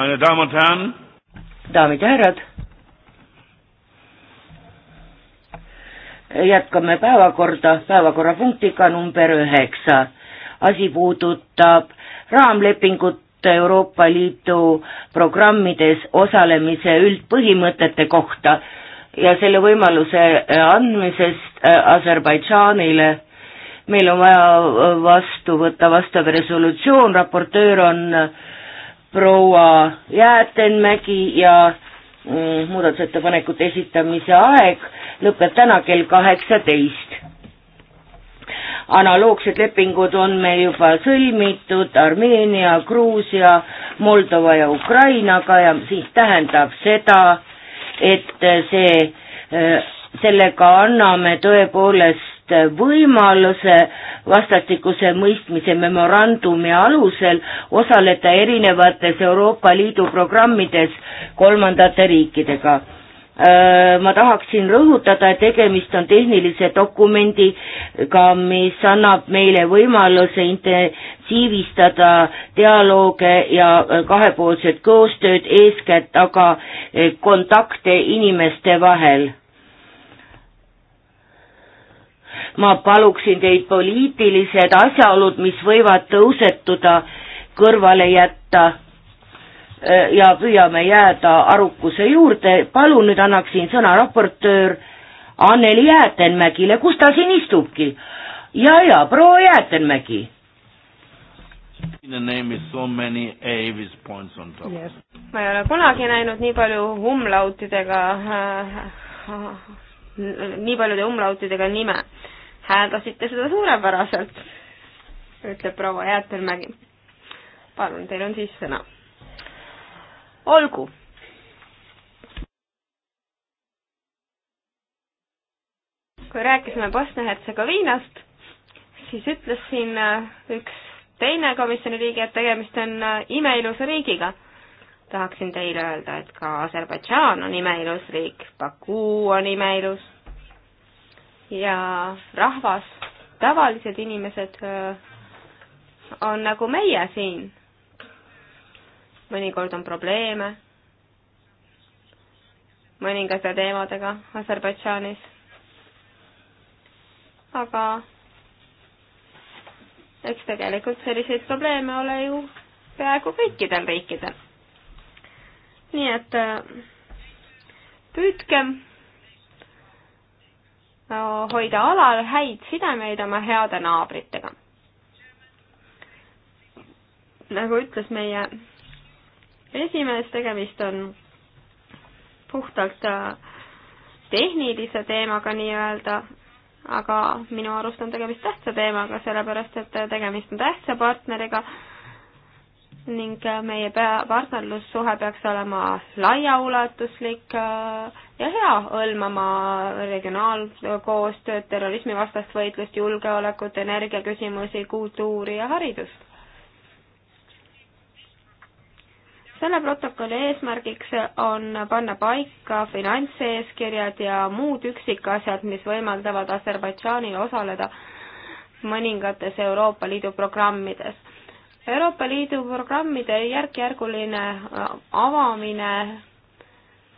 Meine Damen und Herren. daamid ja härrad. jätkame päevakorda päevakorrapunktiga number üheksa. asi puudutab raamlepingut Euroopa Liidu programmides osalemise üldpõhimõtete kohta ja selle võimaluse andmisest äh, Aserbaidžaanile meil on vaja vastu võtta vastav resolutsioon, raportöör on äh, proua Jäätenmägi ja mm, muudatusettepanekute esitamise aeg lõpeb täna kell kaheksateist. analoogsed lepingud on meil juba sõlmitud Armeenia, Gruusia, Moldova ja Ukrainaga ja siis tähendab seda, et see, äh, sellega anname tõepoolest võimaluse vastastikuse mõistmise memorandumi alusel osaleda erinevates Euroopa Liidu programmides kolmandate riikidega. Ma tahaksin rõhutada, et tegemist on tehnilise dokumendiga, mis annab meile võimaluse intensiivistada dialoog ja kahepoolset koostööd, eeskätt aga kontakte inimeste vahel ma paluksin teid poliitilised asjaolud, mis võivad tõusetuda, kõrvale jätta äh, ja püüame jääda arukuse juurde, palun nüüd annaksin sõna raportöör Anneli Jäätenmägile, kus ta siin istubki? ja, ja proua Jäätenmägi. Yes. ma ei ole kunagi näinud nii palju umlautidega äh, äh nii paljude umlautidega nime. hääldasite seda suurepäraselt, ütleb proua Jäätelmägi. palun, teil on siis sõna. olgu kui rääkisime Bosnia-Hertsegoviinast, siis ütles siin äh, üks teine komisjoni liige, et tegemist on äh, imeilusa riigiga tahaksin teile öelda, et ka Aserbaidžaan on imeilus riik, Bakuu on imeilus ja rahvas, tavalised inimesed on nagu meie siin. mõnikord on probleeme mõningate teemadega Aserbaidžaanis, aga eks tegelikult selliseid probleeme ole ju peaaegu kõikidel riikidel nii et äh, püüdkem äh, hoida alal häid sidemeid oma heade naabritega. nagu ütles meie esimees, tegemist on puhtalt äh, tehnilise teemaga nii-öelda, aga minu arust on tegemist tähtsa teemaga, sellepärast et tegemist on tähtsa partneriga ning äh, meie partnerlussuhe peaks olema laiaulatuslik äh, ja hea, hõlmama regionaalkoostööd, terrorismivastast võitlust, julgeolekut, energiaküsimusi, kultuuri ja haridust. selle protokolli eesmärgiks on panna paika finantseeskirjad ja muud üksikasjad, mis võimaldavad Aserbaidžaanil osaleda mõningates Euroopa Liidu programmides Euroopa Liidu programmide järk-järguline äh, avamine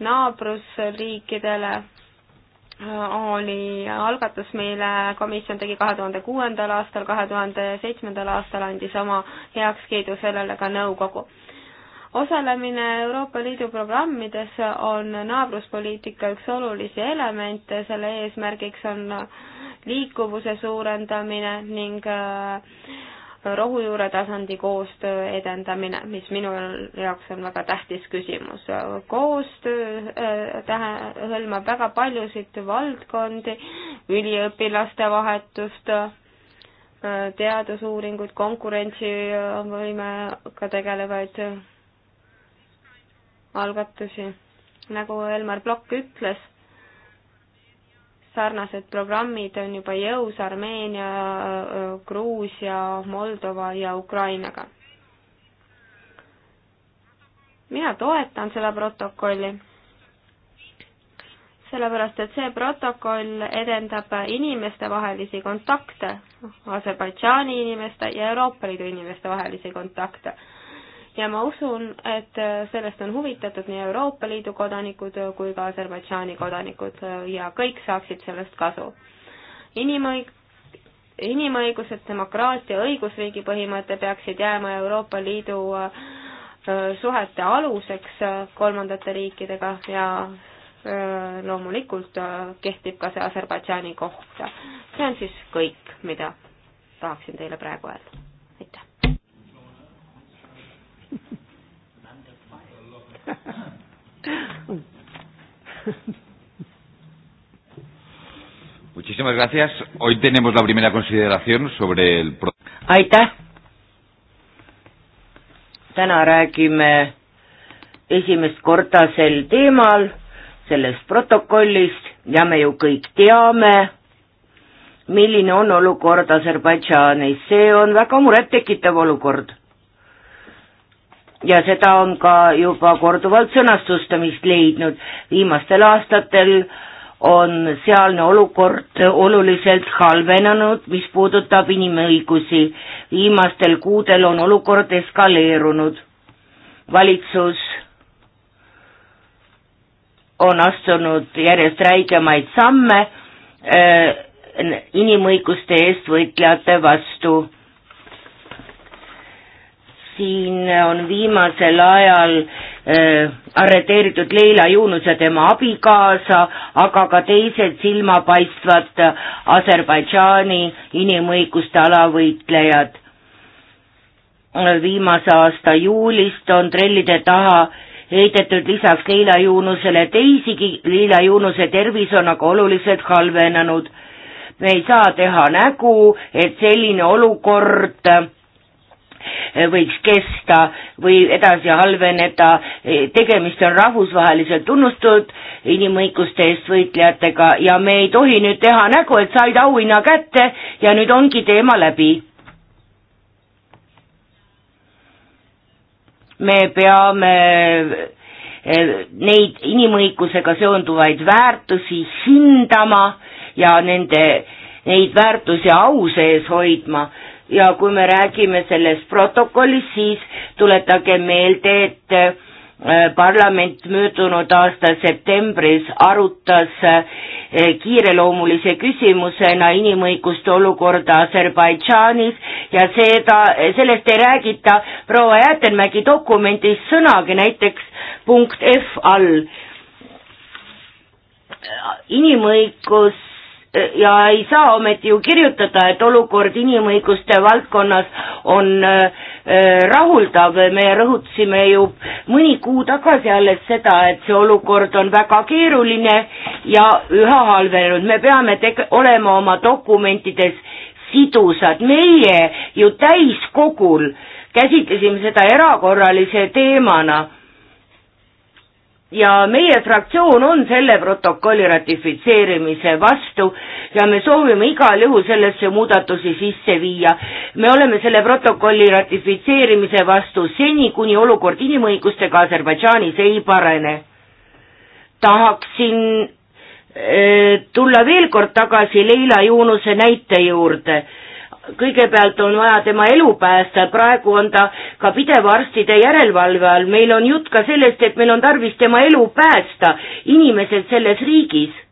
naabrusriikidele äh, oli algatus, mille komisjon tegi kahe tuhande kuuendal aastal, kahe tuhande seitsmendal aastal andis oma heakskiidu sellele ka nõukogu. osalemine Euroopa Liidu programmides on naabruspoliitika üks olulisi elemente, selle eesmärgiks on liikuvuse suurendamine ning äh, rohujuure tasandi koostöö edendamine, mis minu jaoks on väga tähtis küsimus. koostöö äh, tähe-, hõlmab väga paljusid valdkondi, üliõpilaste vahetust, äh, teadusuuringuid, konkurentsivõimega tegelevaid äh, algatusi. nagu Elmar Plokk ütles sarnased programmid on juba jõus Armeenia, Gruusia, Moldova ja Ukrainaga. mina toetan seda protokolli, sellepärast et see protokoll edendab inimestevahelisi kontakte, Aserbaidžaani inimeste ja Euroopa Liidu inimeste vahelisi kontakte ja ma usun, et äh, sellest on huvitatud nii Euroopa Liidu kodanikud kui ka Aserbaidžaani kodanikud äh, ja kõik saaksid sellest kasu. inimõig-, inimõigused, demokraatia, õigusriigi põhimõte peaksid jääma Euroopa Liidu äh, suhete aluseks kolmandate riikidega ja loomulikult kehtib ka see Aserbaidžaani kohta. see on siis kõik, mida tahaksin teile praegu öelda. aitäh! Muchísimas gracias. Hoy tenemos la primera consideración sobre el. aitäh. täna räägime esimest korda sel teemal, sellest protokollist ja me ju kõik teame, milline on olukord Aserbaidžaanis, see on väga murettekitav olukord ja seda on ka juba korduvalt sõnastustamist leidnud. viimastel aastatel on sealne olukord oluliselt halvenenud, mis puudutab inimõigusi. viimastel kuudel on olukord eskaleerunud. valitsus on astunud järjest räigemaid samme äh, inimõiguste eest võitlejate vastu siin on viimasel ajal äh, arreteeritud Leila Juunus ja tema abikaasa, aga ka teised silmapaistvad Aserbaidžaani inimõiguste alavõitlejad. viimase aasta juulist on trellide taha heidetud lisaks Leila Juunusele teisigi, Leila Juunuse tervis on aga oluliselt halvenenud. me ei saa teha nägu, et selline olukord äh, võiks kesta või edasi halveneda, tegemist on rahvusvaheliselt tunnustatud inimõiguste eest võitlejatega ja me ei tohi nüüd teha nägu, et said auhinna kätte ja nüüd ongi teema läbi. me peame eh, neid inimõigusega seonduvaid väärtusi hindama ja nende, neid väärtusi au sees hoidma ja kui me räägime sellest protokollist, siis tuletage meelde, et äh, parlament möödunud aasta septembris arutas äh, kiireloomulise küsimusena inimõiguste olukorda Aserbaidžaanis ja seda, sellest ei räägita proua Jäätenmägi dokumendis sõnagi, näiteks punkt F all äh, inimõigus ja ei saa ometi ju kirjutada, et olukord inimõiguste valdkonnas on äh, äh, rahuldav, me rõhutasime ju mõni kuu tagasi alles seda, et see olukord on väga keeruline ja üha halvenenud, me peame tege-, olema oma dokumentides sidusad, meie ju täiskogul käsitlesime seda erakorralise teemana ja meie fraktsioon on selle protokolli ratifitseerimise vastu ja me soovime igal juhul sellesse muudatusi sisse viia. me oleme selle protokolli ratifitseerimise vastu seni, kuni olukord inimõigustega Aserbaidžaanis ei parene. tahaksin äh, tulla veel kord tagasi Leila Juunuse näite juurde kõigepealt on vaja tema elu päästa, praegu on ta ka pideva arstide järelevalve all, meil on jutt ka sellest, et meil on tarvis tema elu päästa, inimesed selles riigis.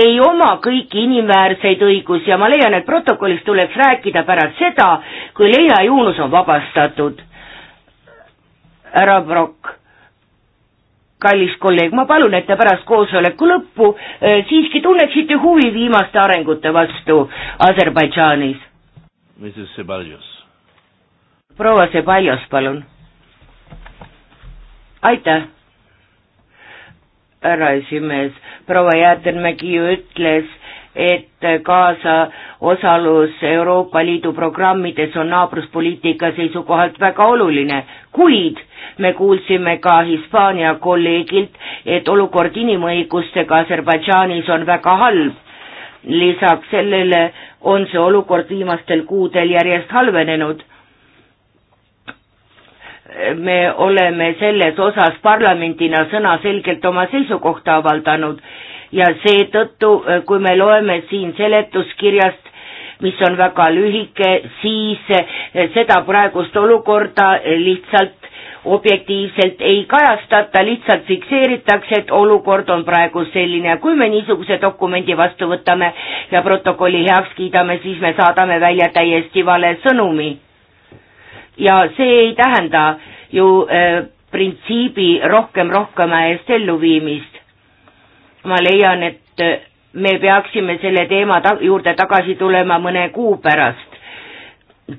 ei oma kõiki inimväärseid õigusi ja ma leian, et protokollist tuleks rääkida pärast seda, kui Leila Juunus on vabastatud. härra Brock kallis kolleeg, ma palun, et te pärast koosoleku lõppu eh, siiski tunneksite huvi viimaste arengute vastu Aserbaidžaanis. proua Sebaljos, palun. aitäh, härra esimees, proua Jäätenmägi ju ütles, et kaasa osalus Euroopa Liidu programmides on naabruspoliitika seisukohalt väga oluline, kuid me kuulsime ka Hispaania kolleegilt, et olukord inimõigustega Aserbaidžaanis on väga halb. lisaks sellele on see olukord viimastel kuudel järjest halvenenud me oleme selles osas parlamendina sõnaselgelt oma seisukohta avaldanud ja seetõttu, äh, kui me loeme siin seletuskirjast, mis on väga lühike, siis äh, seda praegust olukorda äh, lihtsalt objektiivselt ei kajastata, lihtsalt fikseeritakse, et olukord on praegu selline ja kui me niisuguse dokumendi vastu võtame ja protokolli heaks kiidame, siis me saadame välja täiesti vale sõnumi. ja see ei tähenda ju äh, printsiibi rohkem rohkema eest elluviimist ma leian, et äh, me peaksime selle teema ta juurde tagasi tulema mõne kuu pärast,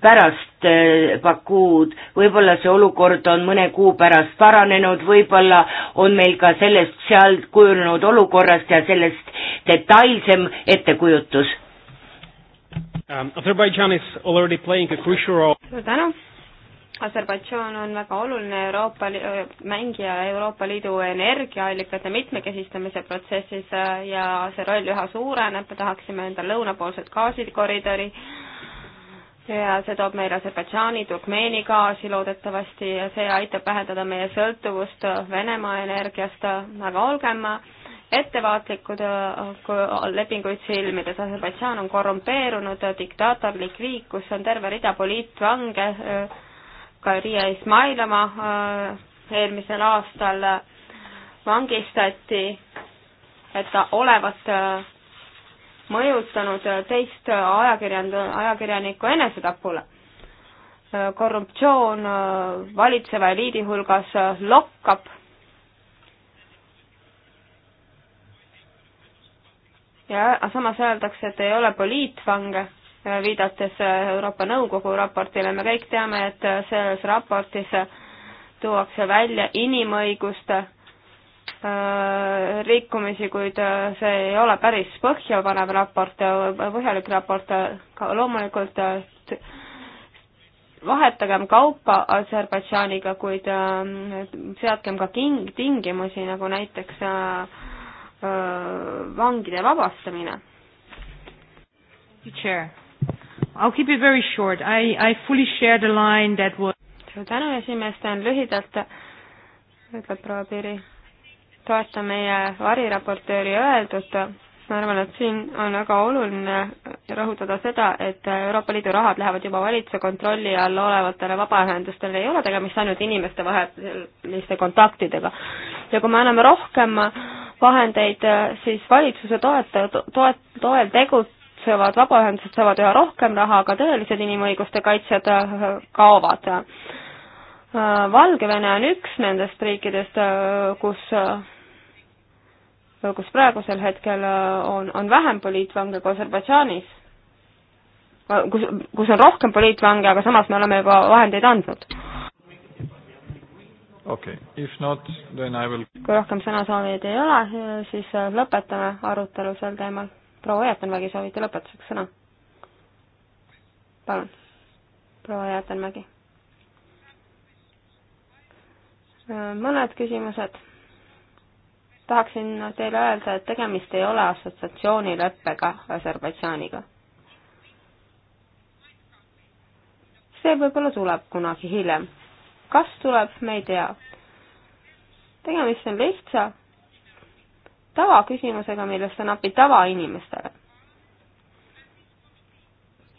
pärast äh, Bakuud, võib-olla see olukord on mõne kuu pärast paranenud, võib-olla on meil ka sellest seal kujunenud olukorrast ja sellest detailsem ettekujutus um,. suur tänu Aserbaidžaan on väga oluline Euroopa mängija Euroopa Liidu energiaallikate mitmekesistamise protsessis äh, ja see roll üha suureneb, me tahaksime endale lõunapoolset gaasikoridori ja see toob meile Aserbaidžaani, Turkmeeni gaasi loodetavasti ja see aitab vähendada meie sõltuvust Venemaa energiast, aga olgem ettevaatlikud äh, lepinguid sõlmides. Aserbaidžaan on korrumpeerunud diktaatorlik riik, kus on terve rida poliitvange Karia Ismailova äh, eelmisel aastal vangistati, et ta olevat äh, mõjutanud äh, teist ajakirjand-, ajakirjaniku enesetapule. korruptsioon valitseva eliidi hulgas lokkab ja samas öeldakse, et ei ole poliitvange viidates Euroopa Nõukogu raportile, me kõik teame, et selles raportis tuuakse välja inimõiguste äh, rikkumisi, kuid äh, see ei ole päris põhjapanev raport, äh, põhjalik raport, loomulikult vahetagem kaupa Aserbaidžaaniga, kuid seadkem ka king-, tingimusi, nagu näiteks vangide vabastamine. Chair. I'll keep it very short. I, I fully share the line that was suur tänu, esimees, teen lühidalt, ütleb proua Piiri. toetan meie variraportööri öeldut, ma arvan, et siin on väga oluline rõhutada seda, et Euroopa Liidu rahad lähevad juba valitsuse kontrolli all olevatele vabaühendustele, ei ole tegemist ainult inimeste vaheliste kontaktidega. ja kui me anname rohkem vahendeid, siis valitsuse toeta-, toet-, toel tegu-, tegutsevad vabaühendused saavad üha rohkem raha, aga tõelised inimõiguste kaitsjad äh, kaovad. Äh, Valgevene on üks nendest riikidest, äh, kus kus praegusel hetkel on, on vähem poliitvange kui Aserbaidžaanis, kus, kus on rohkem poliitvange, aga samas me oleme juba vahendeid andnud. okei okay., if not, then I will kui rohkem sõnasoovijaid ei ole, siis lõpetame arutelu sel teemal proua Jäätenmägi, soovite lõpetuseks sõna? palun, proua Jäätenmägi. mõned küsimused. tahaksin teile öelda, et tegemist ei ole assotsiatsioonileppega Aserbaidžaaniga. see võib-olla tuleb kunagi hiljem. kas tuleb, me ei tea. tegemist on lihtsa tavaküsimusega, millest on abi tavainimestele.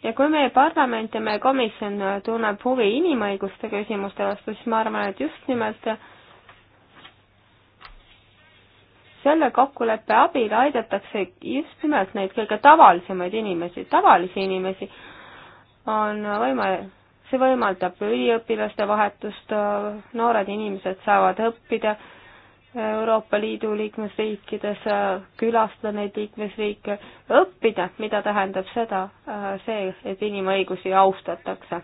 ja kui meie parlament ja meie komisjon tunneb huvi inimõiguste küsimuste vastu, siis ma arvan, et just nimelt selle kokkuleppe abil aidatakse just nimelt neid kõige tavalisemaid inimesi, tavalisi inimesi on võima-, see võimaldab üliõpilaste vahetust, noored inimesed saavad õppida Euroopa Liidu liikmesriikides, äh, külastada neid liikmesriike, õppida, mida tähendab seda, äh, see, et inimõigusi austatakse.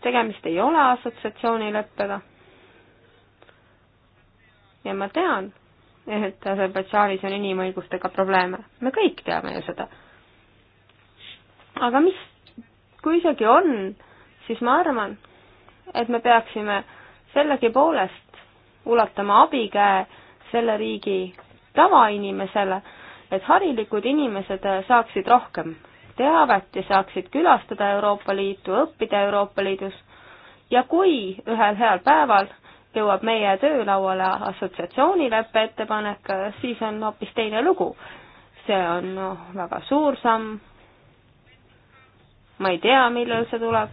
tegemist ei ole assotsiatsioonileppega. ja ma tean, et Aserbaidžaanis on inimõigustega probleeme, me kõik teame ju seda. aga mis, kui isegi on, siis ma arvan, et me peaksime sellegipoolest ulatama abikäe selle riigi tavainimesele, et harilikud inimesed saaksid rohkem teavet ja saaksid külastada Euroopa Liitu, õppida Euroopa Liidus ja kui ühel heal päeval jõuab meie töölauale assotsiatsioonileppe ettepanek, siis on hoopis teine lugu. see on no, väga suur samm, ma ei tea, millal see tuleb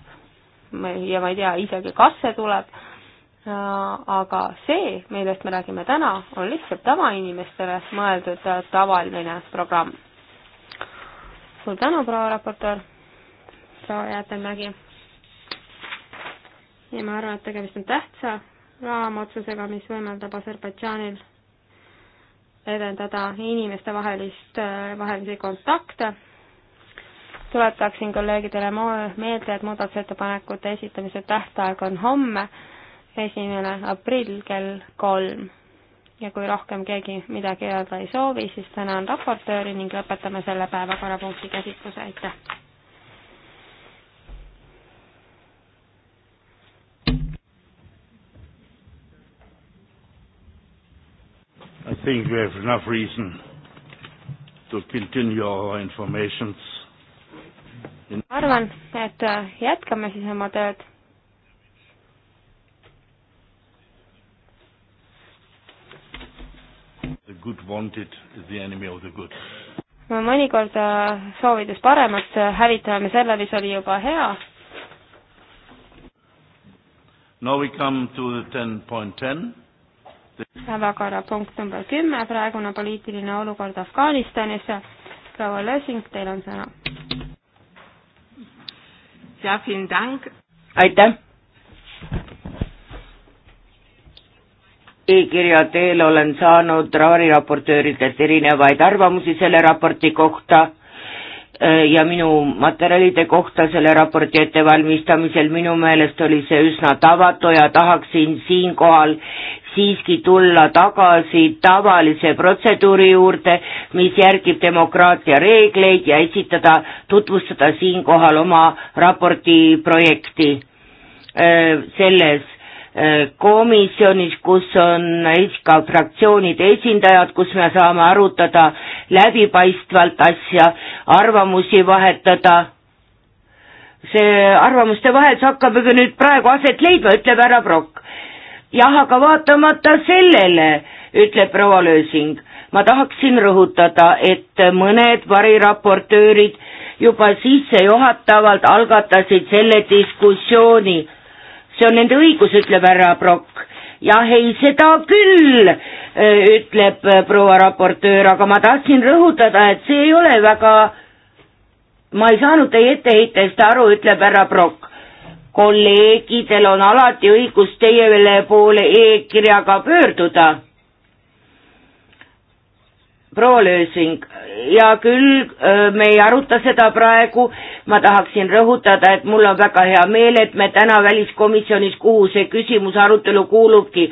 ja ma ei tea isegi, kas see tuleb aga see, millest me räägime täna, on lihtsalt tavainimestele mõeldud äh, tavaline programm. suur tänu, proua raportöör, proua Jäätemägi. ja ma arvan, et tegemist on tähtsa raamotsusega, mis võimaldab Aserbaidžaanil edendada inimestevahelist, äh, vahelisi kontakte tuletaksin kolleegidele meelde, et muudatusettepanekute esitamise tähtaeg on homme esimene aprill kell kolm. ja kui rohkem keegi midagi öelda ei soovi, siis tänan raportööri ning lõpetame selle päevakorrapunkti käsitluse, aitäh! I think we have enough reason to continue our informations. In... arvan, et jätkame siis oma tööd good wanted is the enemy of the good. no mõnikord äh, soovides paremat, äh, hävitame selle, mis oli juba hea. Now we come to the ten point ten. päevakorrapunkt number kümme, praegune poliitiline olukord Afganistanis. proua Lösing, teil on sõna. aitäh e-kirja teel olen saanud ravariraportööridelt erinevaid arvamusi selle raporti kohta äh, ja minu materjalide kohta selle raporti ettevalmistamisel, minu meelest oli see üsna tavatu ja tahaksin siinkohal siiski tulla tagasi tavalise protseduuri juurde, mis järgib demokraatia reegleid ja esitada, tutvustada siinkohal oma raporti projekti äh, selles komisjonis, kus on ka fraktsioonide esindajad, kus me saame arutada läbipaistvalt asja, arvamusi vahetada. see arvamuste vahetus hakkab ju nüüd praegu aset leidma, ütleb härra Brock. jah, aga vaatamata sellele, ütleb proua Lösing, ma tahaksin rõhutada, et mõned variraportöörid juba sissejuhatavalt algatasid selle diskussiooni see on nende õigus, ütleb härra Prokk. jah, ei, seda küll, äh, ütleb äh, proua raportöör, aga ma tahtsin rõhutada, et see ei ole väga, ma ei saanud teie etteheitest aru, ütleb härra Prokk kolleegidel on alati õigus teie poole e-kirjaga pöörduda proua Lösing, hea küll, me ei aruta seda praegu, ma tahaksin rõhutada, et mul on väga hea meel, et me täna väliskomisjonis, kuhu see küsimus arutelu kuulubki,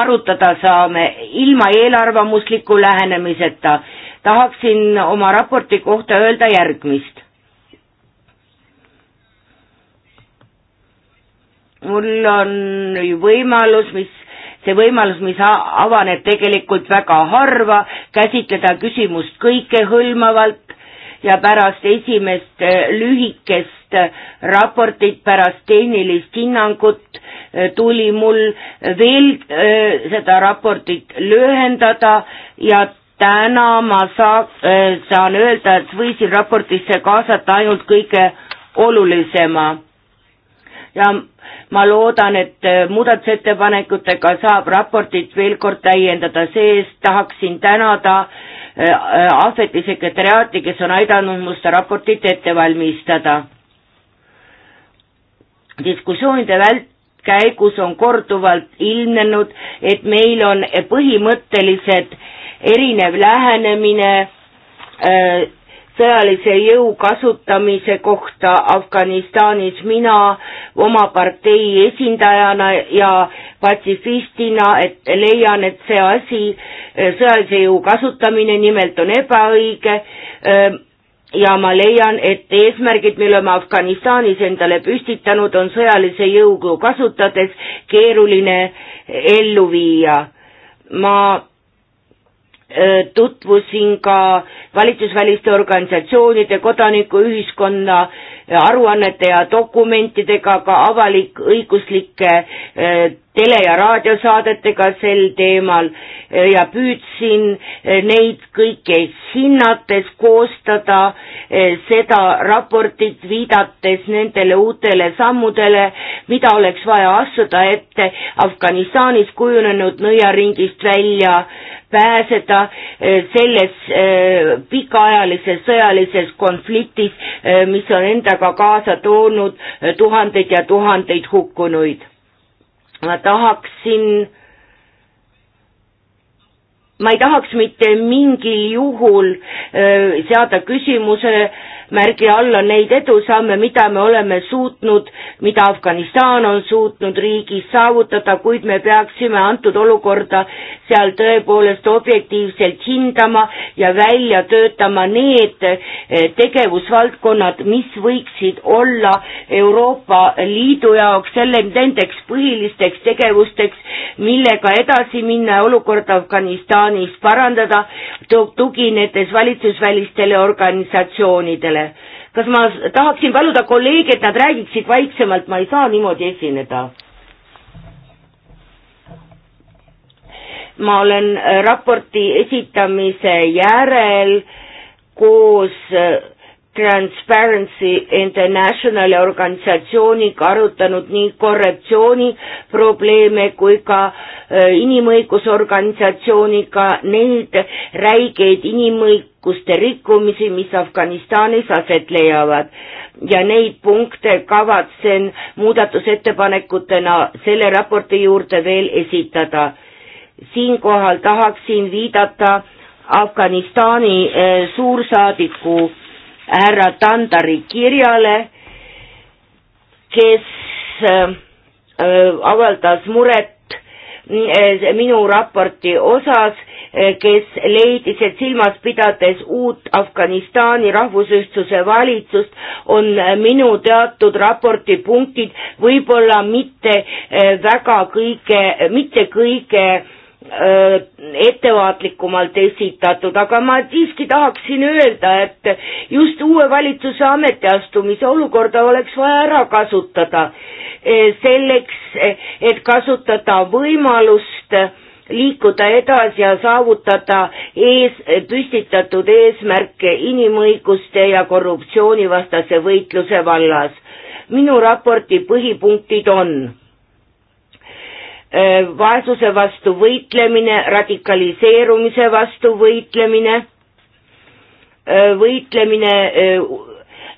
arutada saame ilma eelarvamusliku lähenemiseta. tahaksin oma raporti kohta öelda järgmist. mul on võimalus, mis see võimalus, mis avaneb tegelikult väga harva, käsitleda küsimust kõikehõlmavalt ja pärast esimest äh, lühikest äh, raportit, pärast tehnilist hinnangut äh, tuli mul veel seda raportit lühendada ja täna ma saa-, saan öelda, et võisin raportisse kaasata ainult kõige olulisema ja ma loodan, et äh, muudatusettepanekutega saab raportit veel kord täiendada, see-eest tahaksin tänada äh, äh, Ahveti sekretäriaati, kes on aidanud mul seda raportit ette valmistada. diskussioonide vält-, käigus on korduvalt ilmnenud, et meil on põhimõtteliselt erinev lähenemine äh, sõjalise jõu kasutamise kohta Afganistanis. mina oma partei esindajana ja patsifistina et leian, et see asi, eh, sõjalise jõu kasutamine nimelt on ebaõige eh, ja ma leian, et eesmärgid, mille me Afganistanis endale püstitanud, on sõjalise jõugu kasutades keeruline ellu viia. ma tutvusin ka valitsusväliste organisatsioonide, kodanikuühiskonna aruannete ja dokumentidega, ka avalik-õiguslike tele- ja raadiosaadetega sel teemal ja püüdsin eh, neid kõiki hinnates koostada eh, seda raportit, viidates nendele uutele sammudele, mida oleks vaja astuda, et Afganistanis kujunenud nõiaringist välja pääseda eh, selles pikaajalises sõjalises konfliktis, mis on endaga kaasa toonud tuhandeid ja tuhandeid hukkunuid ma tahaksin, ma ei tahaks mitte mingil juhul öö, äh, seada küsimuse märgi all on neid edusamme, mida me oleme suutnud, mida Afganistan on suutnud riigis saavutada, kuid me peaksime antud olukorda seal tõepoolest objektiivselt hindama ja välja töötama need eh, tegevusvaldkonnad, mis võiksid olla Euroopa Liidu jaoks selle, nendeks põhilisteks tegevusteks, millega edasi minna ja olukorda Afganistanis parandada, tuginedes valitsusvälistele organisatsioonidele kõnele. kas ma tahaksin paluda kolleege, et nad räägiksid vaiksemalt, ma ei saa niimoodi esineda. ma olen raporti esitamise järel koos äh, Transparency Internationali organisatsiooniga arutanud nii korruptsiooniprobleeme kui ka äh, inimõigusorganisatsiooniga neid räigeid inimõiguste rikkumisi, mis Afganistanis aset leiavad. ja neid punkte kavatsen muudatusettepanekutena selle raporti juurde veel esitada. siinkohal tahaksin viidata Afganistani äh, suursaadiku härra Tandari kirjale, kes äh, äh, avaldas muret äh, minu raporti osas, kes leidis, et silmas pidades uut Afganistani rahvusühtsuse valitsust, on minu teatud raporti punktid võib-olla mitte väga kõige, mitte kõige Äh, ettevaatlikumalt esitatud, aga ma siiski tahaksin öelda, et just uue valitsuse ametiastumise olukorda oleks vaja ära kasutada äh, selleks, äh, et kasutada võimalust liikuda edasi ja saavutada ees, püstitatud eesmärke inimõiguste ja korruptsioonivastase võitluse vallas. minu raporti põhipunktid on Äh, vaesuse vastu võitlemine, radikaliseerumise vastu võitlemine, äh, võitlemine äh,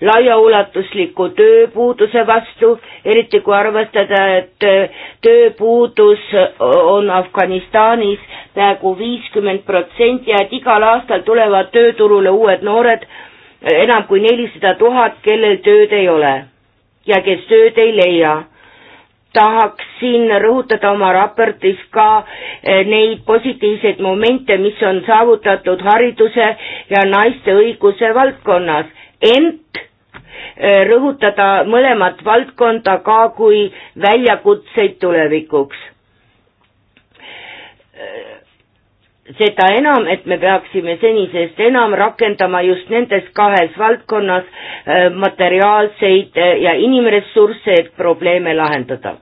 laiaulatusliku tööpuuduse vastu, eriti kui arvestada, et tööpuudus on Afganistanis peaaegu viiskümmend protsenti ja et igal aastal tulevad tööturule uued noored, enam kui nelisada tuhat, kellel tööd ei ole ja kes tööd ei leia tahaksin rõhutada oma raportis ka eh, neid positiivseid momente, mis on saavutatud hariduse ja naiste õiguse valdkonnas, ent eh, rõhutada mõlemat valdkonda ka kui väljakutseid tulevikuks seda enam, et me peaksime senisest enam rakendama just nendes kahes valdkonnas äh, materiaalseid äh, ja inimressursse, et probleeme lahendada.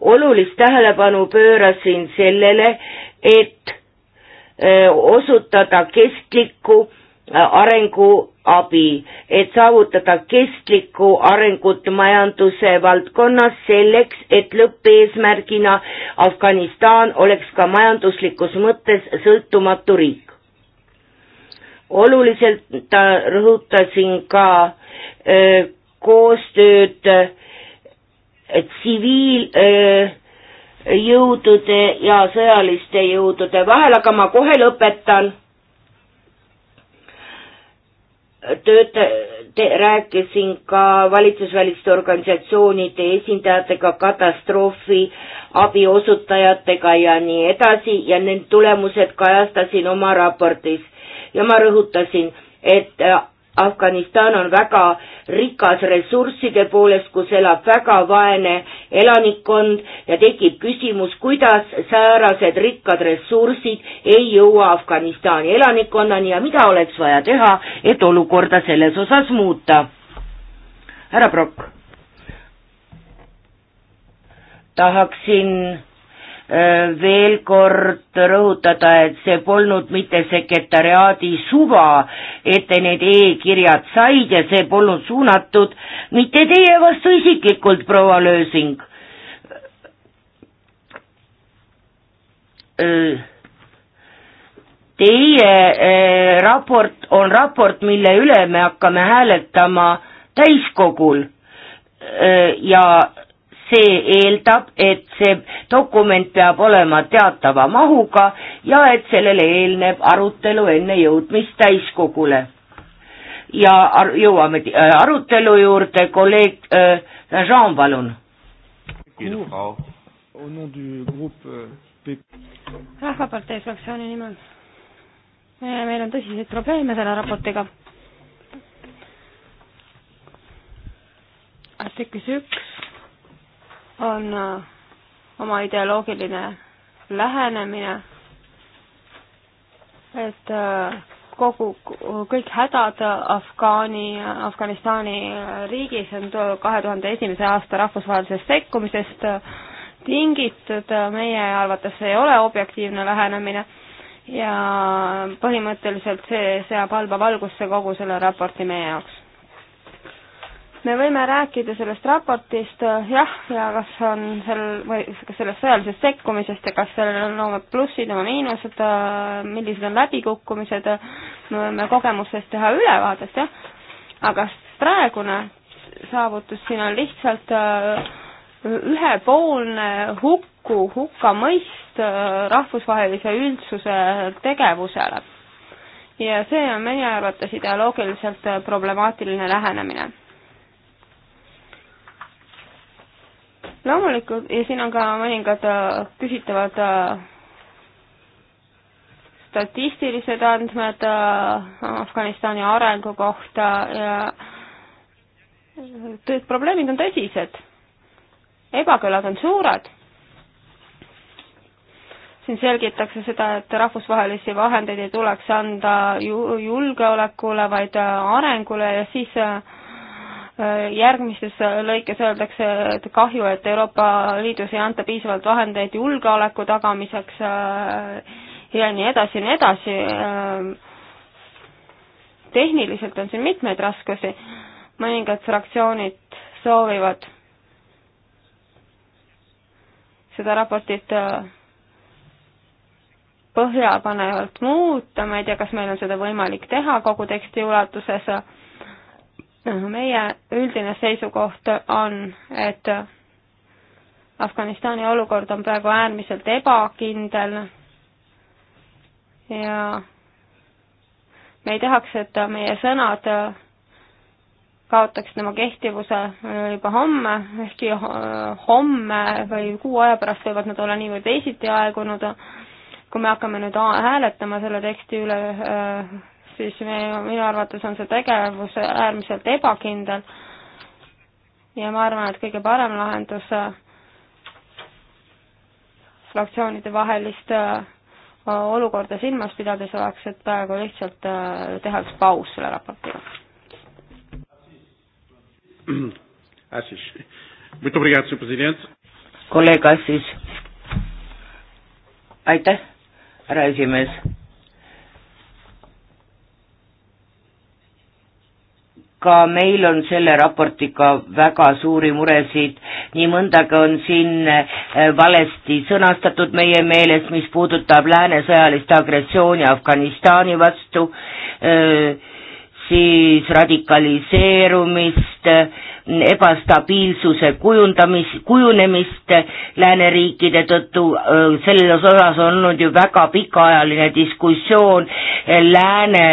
olulist tähelepanu pöörasin sellele, et äh, osutada kestlikku arenguabi, et saavutada kestlikku arengut majanduse valdkonnas selleks, et lõppeesmärgina Afganistan oleks ka majanduslikus mõttes sõltumatu riik. oluliselt rõhutasin ka öö, koostööd tsiviil öö, jõudude ja sõjaliste jõudude vahel, aga ma kohe lõpetan tööta-, rääkisin ka valitsusväliste organisatsioonide esindajatega, katastroofi abi osutajatega ja nii edasi ja need tulemused kajastasin oma raportis. ja ma rõhutasin, et äh, Afganistan on väga rikas ressursside poolest, kus elab väga vaene elanikkond ja tekib küsimus, kuidas säärased rikkad ressursid ei jõua Afganistani elanikkonnani ja mida oleks vaja teha, et olukorda selles osas muuta. härra Prokk. tahaksin Äh, veel kord rõhutada, et see polnud mitte sekretariaadi suva, et te need e-kirjad said ja see polnud suunatud mitte teie vastu isiklikult, proua Lösing. Äh, teie äh, raport on raport, mille üle me hakkame hääletama täiskogul ja see eeldab, et see dokument peab olema teatava mahuga ja et sellele eelneb arutelu enne jõudmist täiskogule. ja ar jõuame äh, arutelu juurde, kolleeg äh, Jean, palun. Euh, rahvapartei fraktsiooni nimel. meil on tõsiseid probleeme selle raportiga artiklis üks on äh, oma ideoloogiline lähenemine, et äh, kogu, kõik hädad Afgaani, Afganistani riigis on kahe tuhande esimese aasta rahvusvahelisest sekkumisest äh, tingitud, meie arvates see ei ole objektiivne lähenemine ja põhimõtteliselt see seab halba valgusse kogu selle raporti meie jaoks me võime rääkida sellest raportist äh, jah, ja kas on seal või kas sellest sõjalisest sekkumisest ja kas sellel on oma plussid, oma miinused, äh, millised on läbikukkumised, äh, me võime kogemustest teha ülevaadet, jah, aga praegune saavutus siin on lihtsalt ühepoolne hukku, hukkamõist rahvusvahelise üldsuse tegevusele. ja see on meie arvates ideoloogiliselt problemaatiline lähenemine loomulikult, ja siin on ka mõningad äh, küsitavad äh, statistilised andmed äh, Afganistani arengu kohta ja probleemid on tõsised, ebakõlad on suured. siin selgitakse seda, et rahvusvahelisi vahendeid ei tuleks anda ju-, julgeolekule, vaid arengule ja siis äh, järgmises lõikes öeldakse, et kahju, et Euroopa Liidus ei anta piisavalt vahendeid julgeoleku tagamiseks äh, ja nii edasi ja nii edasi. Äh, tehniliselt on siin mitmeid raskusi, mõningad fraktsioonid soovivad seda raportit äh, põhjapanevalt muuta, ma ei tea, kas meil on seda võimalik teha kogu teksti ulatuses meie üldine seisukoht on, et Afganistani olukord on praegu äärmiselt ebakindel ja me ei tahaks, et meie sõnad kaotaks tema kehtivuse juba homme, ehkki homme või kuu aja pärast võivad nad olla nii või teisiti aegunud. kui me hakkame nüüd hääletama selle teksti üle siis minu arvates on see tegevus äärmiselt ebakindel ja ma arvan, et kõige parem lahendus äh, fraktsioonide vahelist äh, olukorda silmas pidades oleks, et praegu lihtsalt äh, teha üks paus selle raportiga. kolleeg Assis. aitäh, härra esimees ka meil on selle raportiga väga suuri muresid, nii mõndagi on siin eh, valesti sõnastatud meie meeles, mis puudutab lääne sõjalist agressiooni Afganistani vastu, eh, siis radikaliseerumist, ebastabiilsuse kujundamis, kujunemist lääneriikide tõttu, eh, selles osas on olnud ju väga pikaajaline diskussioon lääne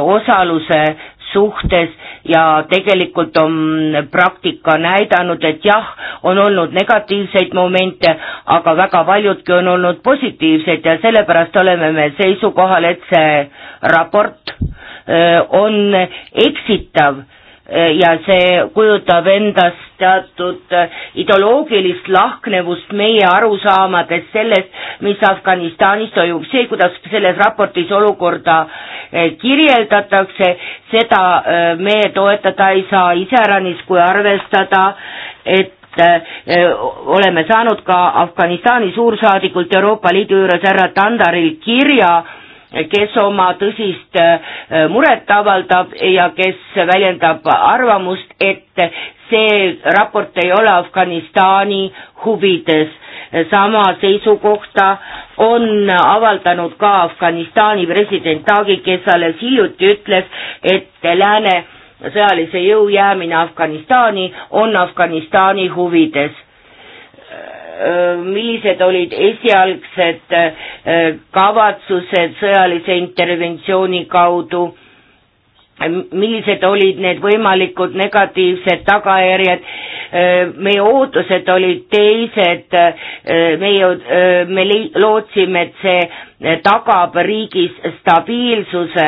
osaluse suhtes ja tegelikult on praktika näidanud, et jah, on olnud negatiivseid momente, aga väga paljudki on olnud positiivsed ja sellepärast oleme me seisukohal, et see raport on eksitav Äh, ja see kujutab endast teatud äh, ideoloogilist lahknevust meie arusaamades sellest, mis Afganistanis toimub. see, kuidas selles raportis olukorda äh, kirjeldatakse, seda me toetada ei saa iseäranis, kui arvestada, et oleme saanud ka Afganistani suursaadikult Euroopa Liidu juures härra Tandarilt kirja, kes oma tõsist äh, muret avaldab ja kes väljendab arvamust, et see raport ei ole Afganistani huvides. sama seisukohta on avaldanud ka Afganistani president Tagi, kes alles hiljuti ütles, et lääne sõjalise jõu jäämine Afganistani on Afganistani huvides millised olid esialgsed kavatsused sõjalise interventsiooni kaudu, millised olid need võimalikud negatiivsed tagajärjed, meie ootused olid teised, meie, me lootsime, et see eh, tagab riigis stabiilsuse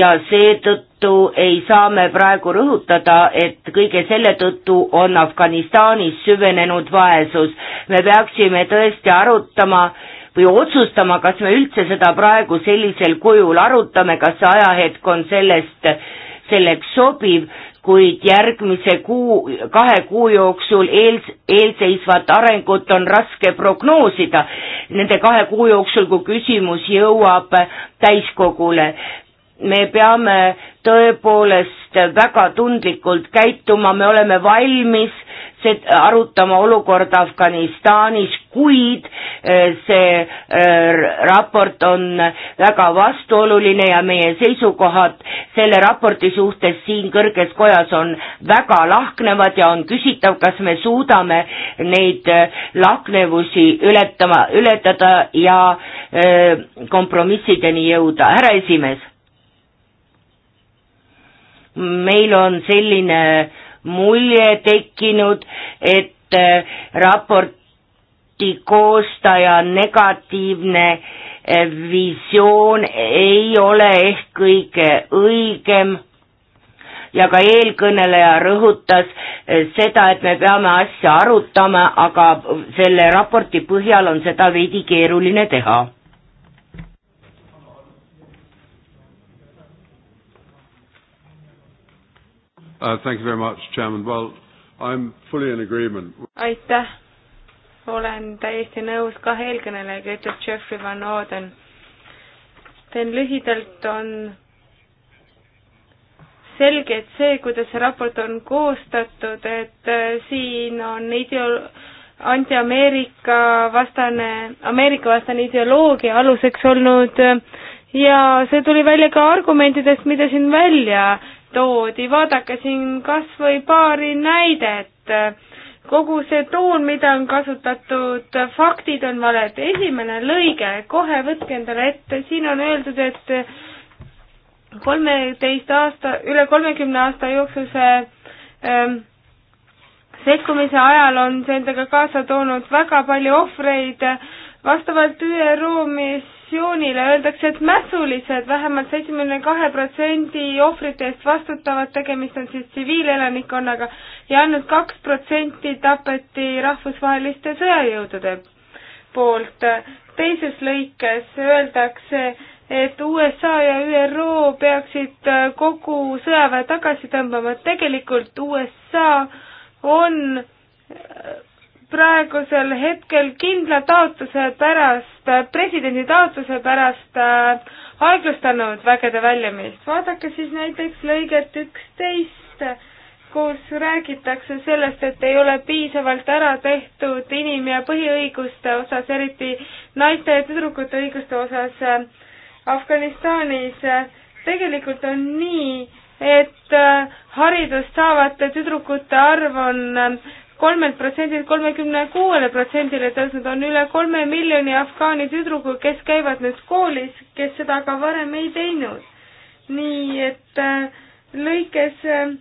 ja seetõttu tõttu ei saa me praegu rõhutada, et kõige selle tõttu on Afganistanis süvenenud vaesus. me peaksime tõesti arutama või otsustama, kas me üldse seda praegu sellisel kujul arutame, kas see ajahetk on sellest, selleks sobiv, kuid järgmise kuu, kahe kuu jooksul eel, eelseisvat arengut on raske prognoosida. Nende kahe kuu jooksul, kui küsimus jõuab täiskogule, me peame tõepoolest väga tundlikult käituma, me oleme valmis see, arutama olukorda Afganistanis, kuid äh, see äh, raport on väga vastuoluline ja meie seisukohad selle raporti suhtes siin kõrges kojas on väga lahknevad ja on küsitav, kas me suudame neid äh, lahknevusi ületama, ületada ja kompromissideni jõuda. härra esimees meil on selline mulje tekkinud, et äh, raporti koostaja negatiivne äh, visioon ei ole ehk kõige õigem ja ka eelkõneleja rõhutas äh, seda, et me peame asja arutama, aga selle raporti põhjal on seda veidi keeruline teha Uh, thank you very much, Chairman. Well, I'm fully in agreement. aitäh, olen täiesti nõus kahe eelkõnelejaga, ütleb Jeffrey Van Oden. teen lühidalt, on selge, et see, kuidas see raport on koostatud, et äh, siin on ideo-, anti-Ameerika vastane, Ameerika vastane ideoloogia aluseks olnud ja see tuli välja ka argumentidest, mida siin välja toodi, vaadake siin kas või paari näidet, kogu see toon, mida on kasutatud, faktid on valed, esimene lõige, kohe võtke endale ette, siin on öeldud, et kolmeteist aasta, üle kolmekümne aasta jooksul see ähm, sekkumise ajal on see endaga kaasa toonud väga palju ohvreid, vastavalt ÜRO, mis organisatsioonile öeldakse, et mässulised vähemalt seitsmekümne kahe protsendi ohvrite eest vastutavad, tegemist on siis tsiviilelanikkonnaga ja ainult kaks protsenti tapeti rahvusvaheliste sõjajõudude poolt. teises lõikes öeldakse, et USA ja ÜRO peaksid kogu sõjaväe tagasi tõmbama, et tegelikult USA on praegusel hetkel kindla taotluse pärast, presidendi taotluse pärast äh, aeglustanud vägede väljumist. vaadake siis näiteks lõiget üksteist, kus räägitakse sellest, et ei ole piisavalt ära tehtud inim- ja põhiõiguste osas, eriti naiste ja tüdrukute õiguste osas äh, Afganistanis. tegelikult on nii, et äh, haridust saavate tüdrukute arv on kolmelt protsendilt kolmekümne kuuele protsendile tõusnud, on üle kolme miljoni afgaani tüdruku, kes käivad nüüd koolis, kes seda ka varem ei teinud. nii et äh, lõikes äh,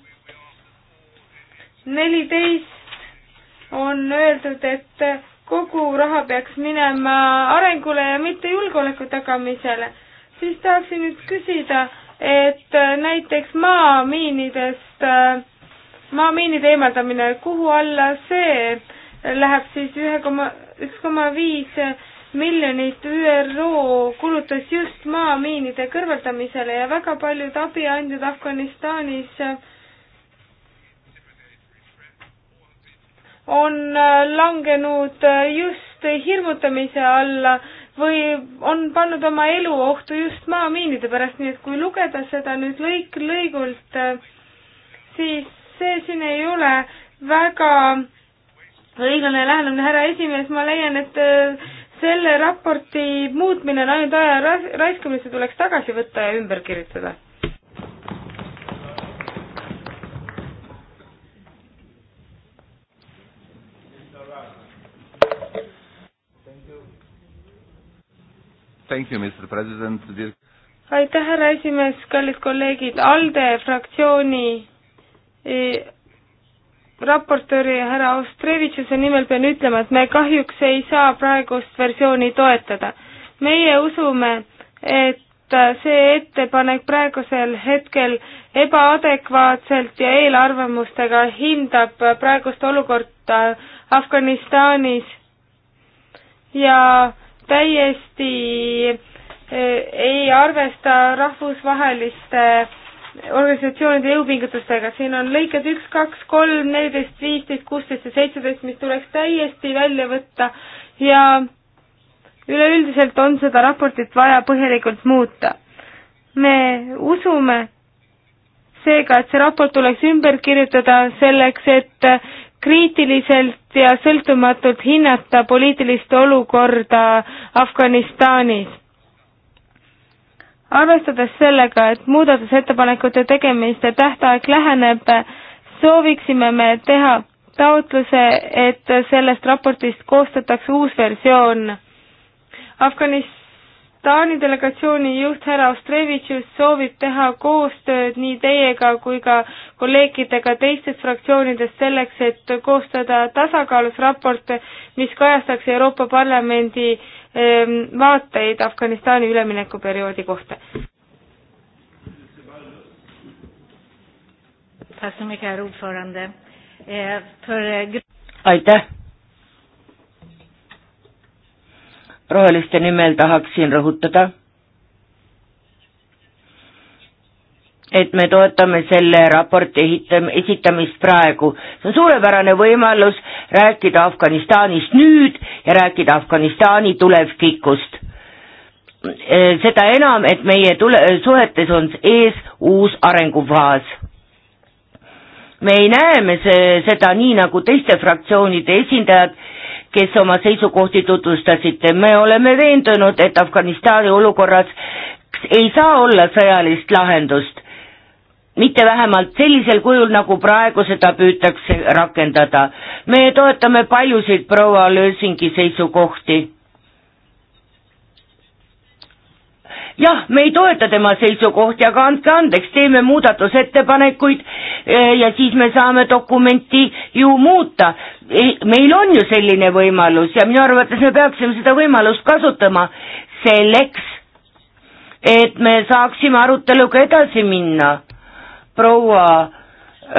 neliteist on öeldud, et äh, kogu raha peaks minema arengule ja mitte julgeoleku tagamisele, siis tahaksin nüüd küsida, et näiteks maamiinidest äh, maamiinide eemaldamine, kuhu alla see läheb siis ühe koma, üks koma viis miljonit ÜRO kulutas just maamiinide kõrvaldamisele ja väga paljud abiandjad Afganistanis on langenud just hirmutamise alla või on pannud oma elu ohtu just maamiinide pärast, nii et kui lugeda seda nüüd lõik lõigult, siis see siin ei ole väga õiglane lähenemine, härra esimees, ma leian, et äh, selle raporti muutmine on ainult aja rais-, raiskamine, see tuleks tagasi võtta ja ümber kirjutada Thank you, Mr. President. aitäh, härra esimees, kallid kolleegid, ALDE fraktsiooni E, raportööri härra Ostrevitšuse nimel pean ütlema, et me kahjuks ei saa praegust versiooni toetada. meie usume, et see ettepanek praegusel hetkel ebaadekvaatselt ja eelarvamustega hindab praegust olukorda Afganistanis ja täiesti e, ei arvesta rahvusvaheliste organisatsioonide jõupingutustega, siin on lõiked üks, kaks, kolm, neliteist, viisteist, kuusteist ja seitseteist, mis tuleks täiesti välja võtta ja üleüldiselt on seda raportit vaja põhjalikult muuta. me usume seega, et see raport tuleks ümber kirjutada selleks, et kriitiliselt ja sõltumatult hinnata poliitilist olukorda Afganistanis arvestades sellega, et muudatusettepanekute tegemiste tähtaeg läheneb, sooviksime me teha taotluse, et sellest raportist koostatakse uus versioon. Afganistani delegatsiooni juht härra Ostrevitšus soovib teha koostööd nii teiega kui ka kolleegidega teistest fraktsioonidest selleks, et koostada tasakaalus raport, mis kajastaks Euroopa Parlamendi äh, Ehm, vaateid Afganistani üleminekuperioodi kohta? Eh, eh, aitäh! roheliste nimel tahaksin rõhutada et me toetame selle raporti ehitam-, esitamist praegu. see on suurepärane võimalus rääkida Afganistanist nüüd ja rääkida Afganistani tulevikust. E, seda enam, et meie tule-, suhetes on ees uus arengufaas. me ei näe me see, seda nii, nagu teiste fraktsioonide esindajad, kes oma seisukohti tutvustasid, me oleme veendunud, et Afganistani olukorras ei saa olla sõjalist lahendust mitte vähemalt sellisel kujul, nagu praegu seda püütakse rakendada. me toetame paljusid proua Lösingi seisukohti. jah, me ei toeta tema seisukohti, aga andke andeks, teeme muudatusettepanekuid eh, ja siis me saame dokumenti ju muuta. Eh, meil on ju selline võimalus ja minu arvates me peaksime seda võimalust kasutama selleks, et me saaksime aruteluga edasi minna proua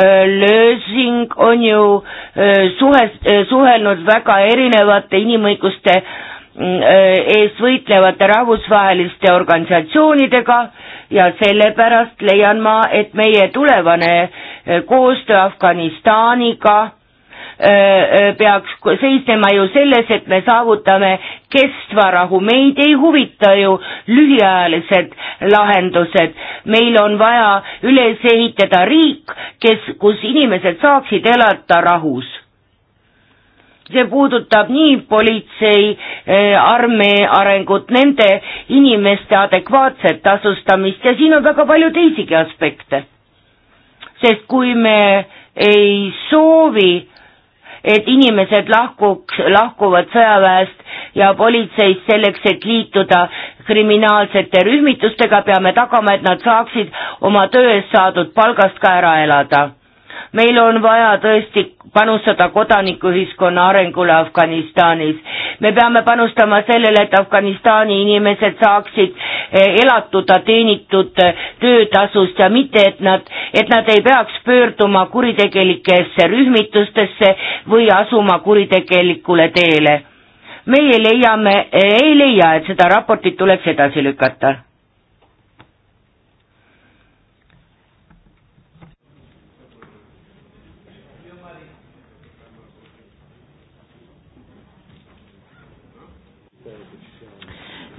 äh, Lösing on ju äh, suhes, äh, suhelnud väga erinevate inimõiguste mm, eest võitlevate rahvusvaheliste organisatsioonidega ja sellepärast leian ma, et meie tulevane koostöö Afganistaniga peaks seisnema ju selles, et me saavutame kestva rahu, meid ei huvita ju lühiajalised lahendused, meil on vaja üles ehitada riik, kes, kus inimesed saaksid elada rahus see puudutab nii politsei, armee arengut, nende inimeste adekvaatset tasustamist ja siin on väga palju teisigi aspekte. sest kui me ei soovi et inimesed lahkuks, lahkuvad sõjaväest ja politseist selleks, et liituda kriminaalsete rühmitustega, peame tagama, et nad saaksid oma töö eest saadud palgast ka ära elada meil on vaja tõesti panustada kodanikuühiskonna arengule Afganistanis. me peame panustama sellele, et Afganistani inimesed saaksid eh, elatuda teenitud eh, töötasust ja mitte, et nad, et nad ei peaks pöörduma kuritegelikesse rühmitustesse või asuma kuritegelikule teele. meie leiame, eh, ei leia, et seda raportit tuleks edasi lükata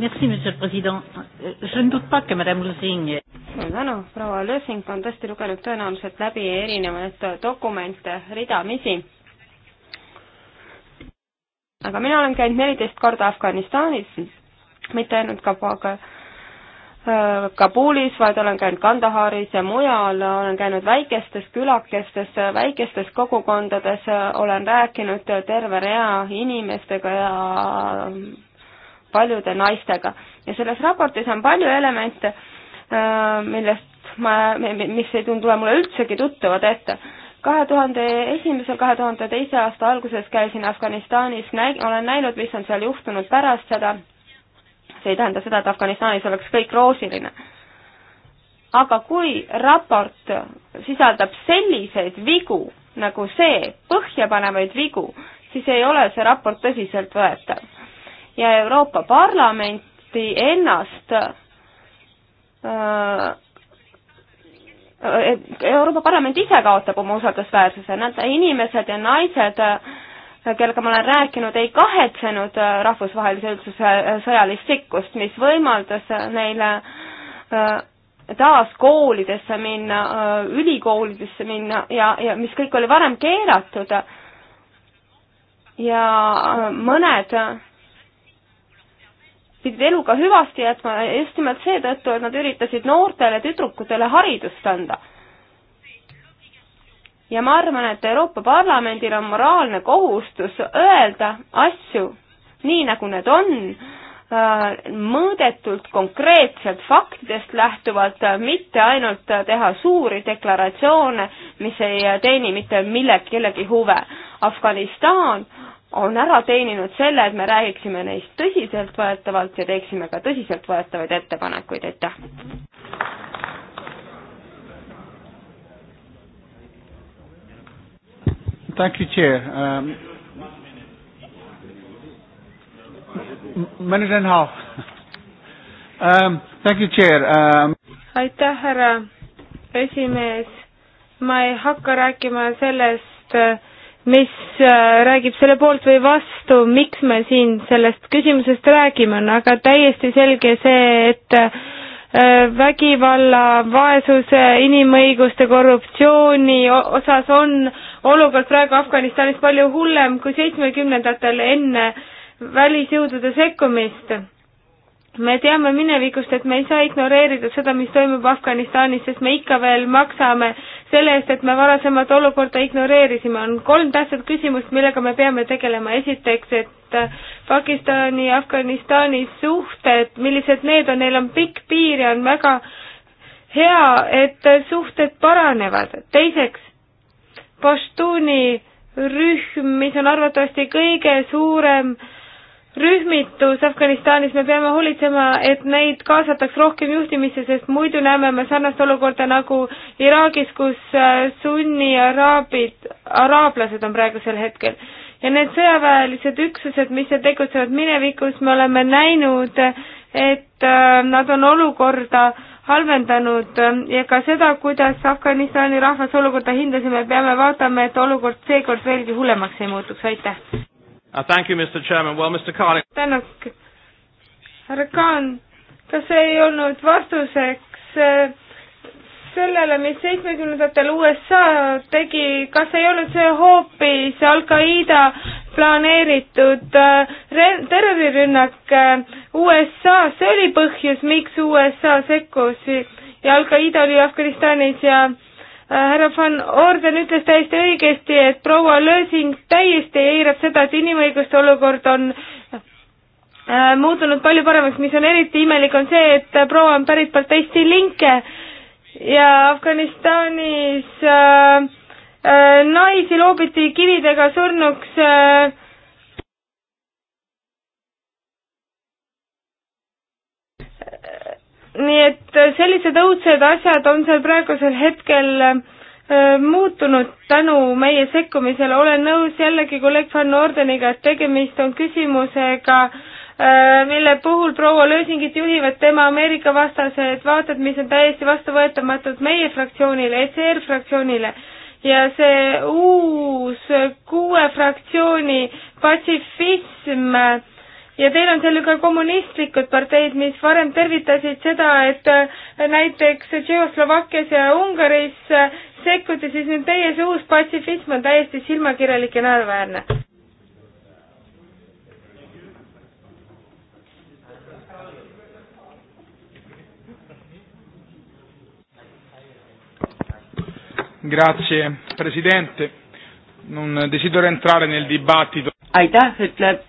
Merci, monsieur le président. Euh, je ne doute pas que madame Lusing. suur tänu, proua Lusing on tõesti lugenud tõenäoliselt läbi erinevaid dokumente ridamisi. aga mina olen käinud neliteist korda Afganistanis, mitte ainult Kabuga, Kabulis, vaid olen käinud Kandaharis ja mujal, olen käinud väikestes külakestes, väikestes kogukondades, olen rääkinud terve rea inimestega ja paljude naistega. ja selles raportis on palju elemente, äh, millest ma, mis ei tule mulle üldsegi tuttavad ette. kahe tuhande esimesel, kahe tuhande teise aasta alguses käisin Afganistanis, näi-, olen näinud, mis on seal juhtunud pärast seda, see ei tähenda seda, et Afganistanis oleks kõik roosiline aga kui raport sisaldab selliseid vigu nagu see, põhjapanevaid vigu, siis ei ole see raport tõsiseltvõetav ja Euroopa Parlamenti ennast äh, Euroopa Parlament ise kaotab oma usaldusväärsuse, nad, inimesed ja naised, kellega ma olen rääkinud, ei kahetsenud rahvusvahelise üldsuse sõjalist sikkust, mis võimaldas neile äh, taas koolidesse minna, äh, ülikoolidesse minna ja, ja mis kõik oli varem keelatud. ja mõned pidid eluga hüvasti jätma just nimelt seetõttu, et nad üritasid noortele tüdrukutele haridust anda. ja ma arvan, et Euroopa Parlamendil on moraalne kohustus öelda asju nii, nagu need on, äh, mõõdetult, konkreetselt, faktidest lähtuvalt, äh, mitte ainult teha suuri deklaratsioone, mis ei teeni mitte millegi, kellegi huve. Afganistan on ära teeninud selle, et me räägiksime neist tõsiseltvõetavalt ja teeksime ka tõsiseltvõetavaid ettepanekuid, aitäh! Thank you, Chair. Um, minute and a half. Um, thank you, Chair. Um, aitäh, härra esimees. ma ei hakka rääkima sellest, mis äh, räägib selle poolt või vastu, miks me siin sellest küsimusest räägime, on aga täiesti selge see, et äh, vägivalla, vaesuse, inimõiguste, korruptsiooni osas on olukord praegu Afganistanis palju hullem kui seitsmekümnendatel enne välisjõudude sekkumist. me teame minevikust, et me ei saa ignoreerida seda, mis toimub Afganistanis, sest me ikka veel maksame selle eest, et me varasemat olukorda ignoreerisime, on kolm tähtsat küsimust, millega me peame tegelema. esiteks, et äh, Pakistani ja Afganistani suhted, millised need on, neil on pikk piir ja on väga hea, et suhted paranevad. teiseks, Paštuni rühm, mis on arvatavasti kõige suurem äh, rühmitus Afganistanis, me peame hoolitsema, et neid kaasataks rohkem juhtimisse, sest muidu näeme me sarnast olukorda nagu Iraagis, kus äh, sunni-araabid, araablased on praegusel hetkel. ja need sõjaväelised üksused, mis seal tegutsevad minevikus, me oleme näinud, et äh, nad on olukorda halvendanud ja ka seda, kuidas Afganistani rahvas olukorda hindasime, peame vaatama, et olukord seekord veelgi hullemaks ei muutuks, aitäh! Uh, thank you, Mr Chairman, well Mr Kaanik. tänak, härra Kaan, kas ei olnud vastuseks äh, sellele, mis seitsmekümnendatel USA tegi, kas ei olnud see hoopis Al-Qaeda planeeritud äh, terrorirünnak äh, USA-s, see oli põhjus, miks USA sekkus ja Al-Qaeda oli Afganistanis ja äh, Äh, härra van Orden ütles täiesti õigesti, et proua Lösing täiesti eirab seda, et inimõiguste olukord on äh, muutunud palju paremaks, mis on eriti imelik, on see, et proua on pärit parteist Linke ja Afganistanis äh, äh, naisi loobiti kividega surnuks äh, nii et äh, sellised õudsed asjad on seal praegusel hetkel äh, muutunud tänu meie sekkumisele, olen nõus jällegi kolleeg Van Ordeniga, et tegemist on küsimusega, äh, mille puhul proua Lösingit juhivad tema Ameerika vastased vaated, mis on täiesti vastuvõetamatud meie fraktsioonile, ECR fraktsioonile ja see uus kuue fraktsiooni patsifism ja teil on seal ju ka kommunistlikud parteid, mis varem tervitasid seda, et äh, näiteks Tšehhoslovakkias ja Ungaris äh, sekkuti, siis nüüd teie see uus patsifism on täiesti silmakirjalik ja naeruväärne. Grazie Presidente, non desidero entrare nel dibattito. aitäh, ütleb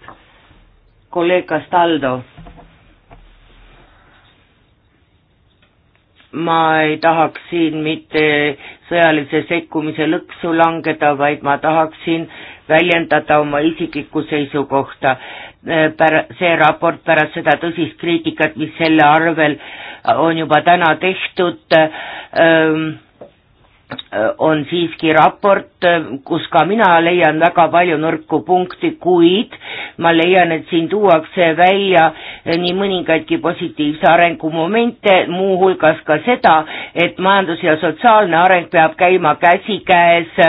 kolleeg Castaldo. ma ei tahaks siin mitte sõjalise sekkumise lõksu langeda, vaid ma tahaksin väljendada oma isiklikku seisukohta. Äh, Pär-, see raport pärast seda tõsist kriitikat, mis selle arvel on juba täna tehtud ähm,, Äh, on siiski raport, äh, kus ka mina leian väga palju nõrku punkti, kuid ma leian, et siin tuuakse välja äh, nii mõningaidki positiivse arengu momente, muuhulgas ka seda, et majandus ja sotsiaalne areng peab käima käsikäes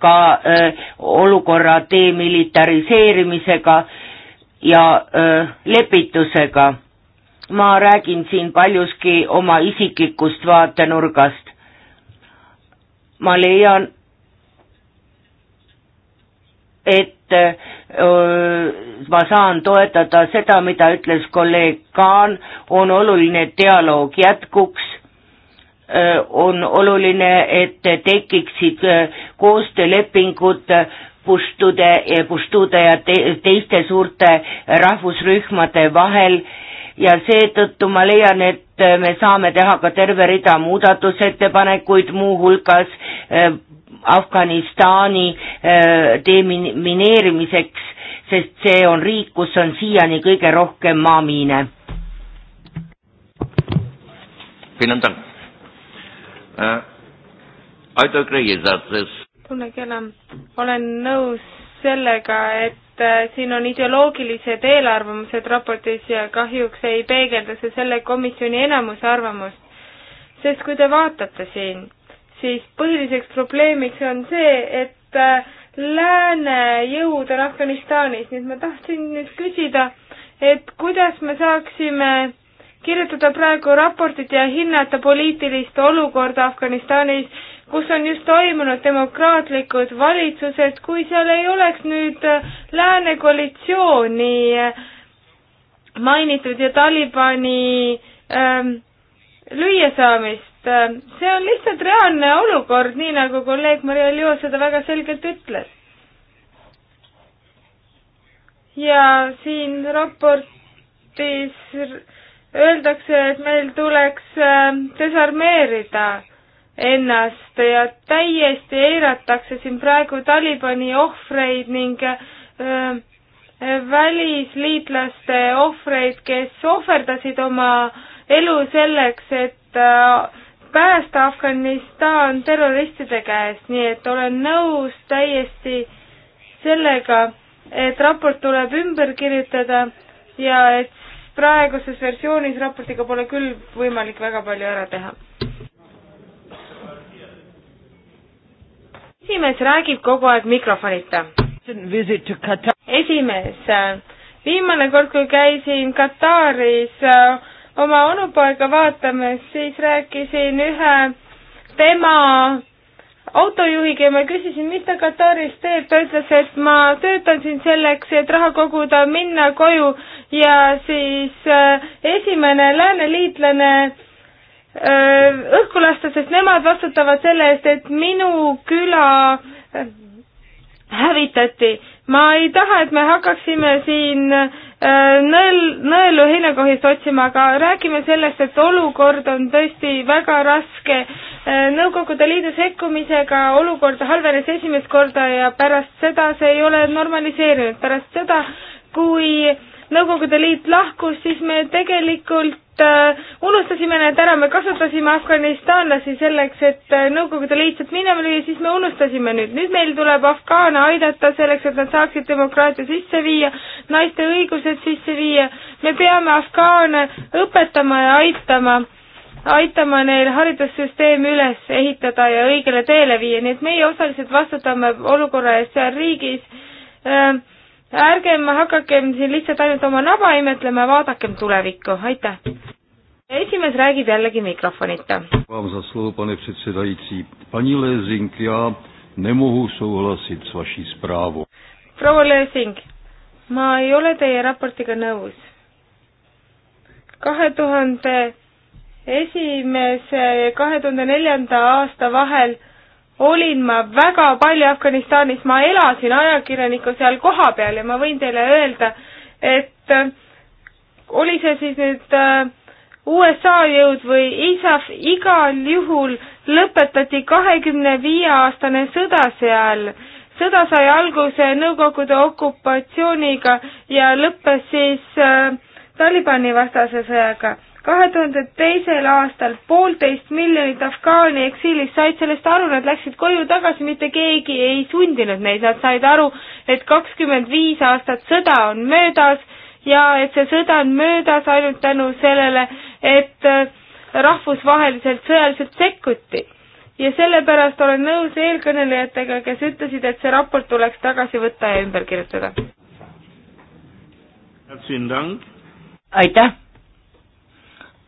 ka öö, olukorra demilitariseerimisega ja öö, lepitusega. ma räägin siin paljuski oma isiklikust vaatenurgast ma leian, et öö, ma saan toetada seda, mida ütles kolleeg Kaan, on oluline, et dialoog jätkuks, on oluline, et tekiksid koostöölepingud puštude, puštude ja te, teiste suurte rahvusrühmade vahel, ja seetõttu ma leian, et me saame teha ka terve rida muudatusettepanekuid, muuhulgas äh, Afganistani äh, demineerimiseks, sest see on riik, kus on siiani kõige rohkem maamiine. Äh, tunne kena, olen nõus sellega, et et äh, siin on ideoloogilised eelarvamused raportis ja kahjuks ei peegelda see selle komisjoni enamuse arvamust. sest kui te vaatate siin, siis põhiliseks probleemiks on see, et äh, lääne jõud on Afganistanis, nii et ma tahtsin nüüd küsida, et kuidas me saaksime kirjutada praegu raportit ja hinnata poliitilist olukorda Afganistanis kus on just toimunud demokraatlikud valitsused, kui seal ei oleks nüüd äh, lääne koalitsiooni äh, mainitud ja Talibani ähm, lüüasaamist. Äh, see on lihtsalt reaalne olukord, nii nagu kolleeg Maria Lio seda väga selgelt ütles. ja siin raportis öeldakse, et meil tuleks äh, desarmeerida ennast ja täiesti eiratakse siin praegu Talibani ohvreid ning öö, välisliitlaste ohvreid, kes ohverdasid oma elu selleks, et päästa Afganistan terroristide käest, nii et olen nõus täiesti sellega, et raport tuleb ümber kirjutada ja et praeguses versioonis raportiga pole küll võimalik väga palju ära teha. esimees räägib kogu aeg mikrofonita. esimees, äh, viimane kord, kui käisin Kataris äh, oma onupoega vaatamas, siis rääkisin ühe tema autojuhiga ja ma küsisin, mis ta Kataris teeb, ta ütles, et ma töötan siin selleks, et raha koguda, minna koju ja siis äh, esimene lääneliitlane õhku lasta, sest nemad vastutavad selle eest, et minu küla hävitati. ma ei taha, et me hakkaksime siin nõel, nõelu heinakohist otsima, aga räägime sellest, et olukord on tõesti väga raske. Nõukogude Liidu sekkumisega olukord halvenes esimest korda ja pärast seda see ei ole normaliseerinud, pärast seda, kui Nõukogude Liit lahkus, siis me tegelikult äh, unustasime need ära, me kasutasime afganistanlasi selleks, et äh, Nõukogude Liit sealt minema lüüa, siis me unustasime nüüd. nüüd meil tuleb afgaane aidata selleks, et nad saaksid demokraatia sisse viia, naiste õigused sisse viia. me peame afgaane õpetama ja aitama, aitama neil haridussüsteemi üles ehitada ja õigele teele viia, nii et meie osaliselt vastutame olukorra eest seal riigis äh, ärgem hakakem siin lihtsalt ainult oma naba imetlema, vaadakem tulevikku, aitäh! esimees räägib jällegi mikrofonita. proua Lösing, ma ei ole teie raportiga nõus. kahe tuhande esimese ja kahe tuhande neljanda aasta vahel olin ma väga palju Afganistanis, ma elasin ajakirjaniku seal kohapeal ja ma võin teile öelda, et äh, oli see siis nüüd äh, USA jõud või ISAF, igal juhul lõpetati kahekümne viie aastane sõda seal. sõda sai alguse Nõukogude okupatsiooniga ja lõppes siis äh, Talibani vastase sõjaga kahe tuhande teisel aastal poolteist miljonit afgaani eksiilis said sellest aru, nad läksid koju tagasi, mitte keegi ei sundinud neid, nad said aru, et kakskümmend viis aastat sõda on möödas ja et see sõda on möödas ainult tänu sellele, et äh, rahvusvaheliselt sõjaliselt sekkuti. ja sellepärast olen nõus eelkõnelejatega, kes ütlesid, et see raport tuleks tagasi võtta ja ümber kirjutada. aitäh!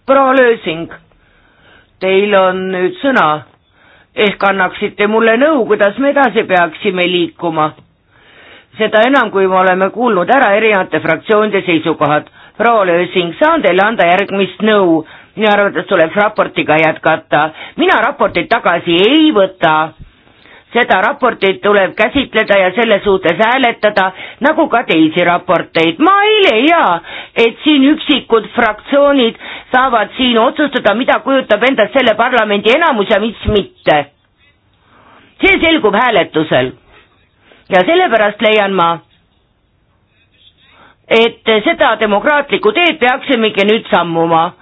proua Lösing, teil on nüüd sõna. ehk annaksite mulle nõu, kuidas me edasi peaksime liikuma? seda enam, kui me oleme kuulnud ära erinevate fraktsioonide seisukohad. proua Lösing, saan teile anda järgmist nõu. minu arvates tuleb raportiga jätkata. mina raportit tagasi ei võta seda raportit tuleb käsitleda ja selle suhtes hääletada, nagu ka teisi raporteid. ma ei leia, et siin üksikud fraktsioonid saavad siin otsustada, mida kujutab endast selle parlamendi enamus ja mis mitte. see selgub hääletusel. ja sellepärast leian ma, et seda demokraatlikku teed peaksimegi nüüd sammuma.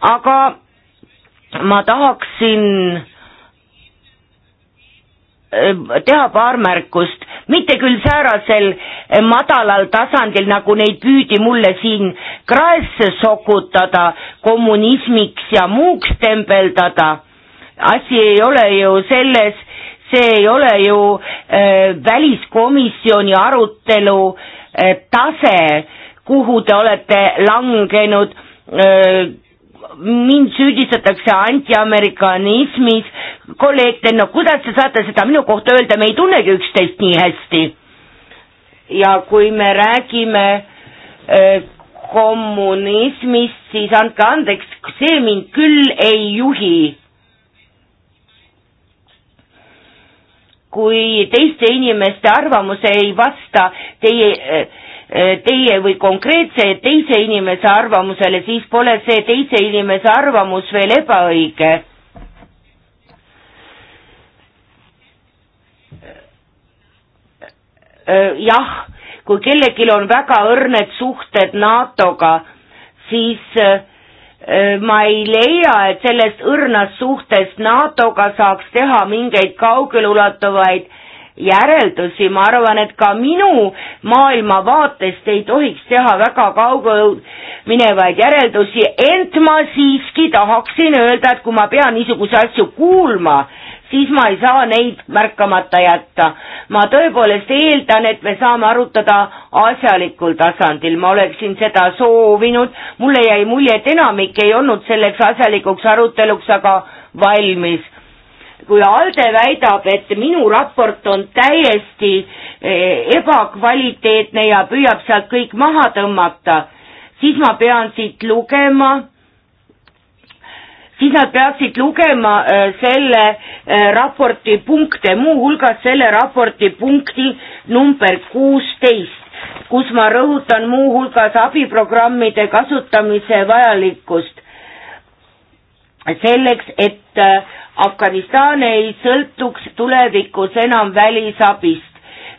aga ma tahaksin Äh, teha paar märkust, mitte küll säärasel äh, madalal tasandil, nagu neid püüdi mulle siin kraesse sokutada, kommunismiks ja muuks tembeldada. asi ei ole ju selles, see ei ole ju äh, väliskomisjoni arutelu äh, tase, kuhu te olete langenud äh, mind süüdistatakse antiamerikanismis, kolleeg Tenno, kuidas te saate seda minu kohta öelda, me ei tunnegi üksteist nii hästi. ja kui me räägime öö, äh, kommunismist, siis andke andeks, see mind küll ei juhi. kui teiste inimeste arvamus ei vasta teie öö, äh, Eh, teie või konkreetse teise inimese arvamusele, siis pole see teise inimese arvamus veel ebaõige. Eh, jah, kui kellelgi on väga õrned suhted NATO-ga, siis eh, ma ei leia, et sellest õrnast suhtest NATO-ga saaks teha mingeid kaugeleulatuvaid järeldusi, ma arvan, et ka minu maailmavaatest ei tohiks teha väga kaugel minevaid järeldusi, ent ma siiski tahaksin öelda, et kui ma pean niisuguse asju kuulma, siis ma ei saa neid märkamata jätta. ma tõepoolest eeldan, et me saame arutada asjalikul tasandil, ma oleksin seda soovinud, mulle jäi mulje, et enamik ei olnud selleks asjalikuks aruteluks aga valmis kui ALDE väidab, et minu raport on täiesti eh, ebakvaliteetne ja püüab sealt kõik maha tõmmata, siis ma pean siit lugema, siis nad peaksid lugema eh, selle eh, raporti punkte, muuhulgas selle raporti punkti number kuusteist, kus ma rõhutan muuhulgas abiprogrammide kasutamise vajalikkust selleks, et Afganistan ei sõltuks tulevikus enam välisabist.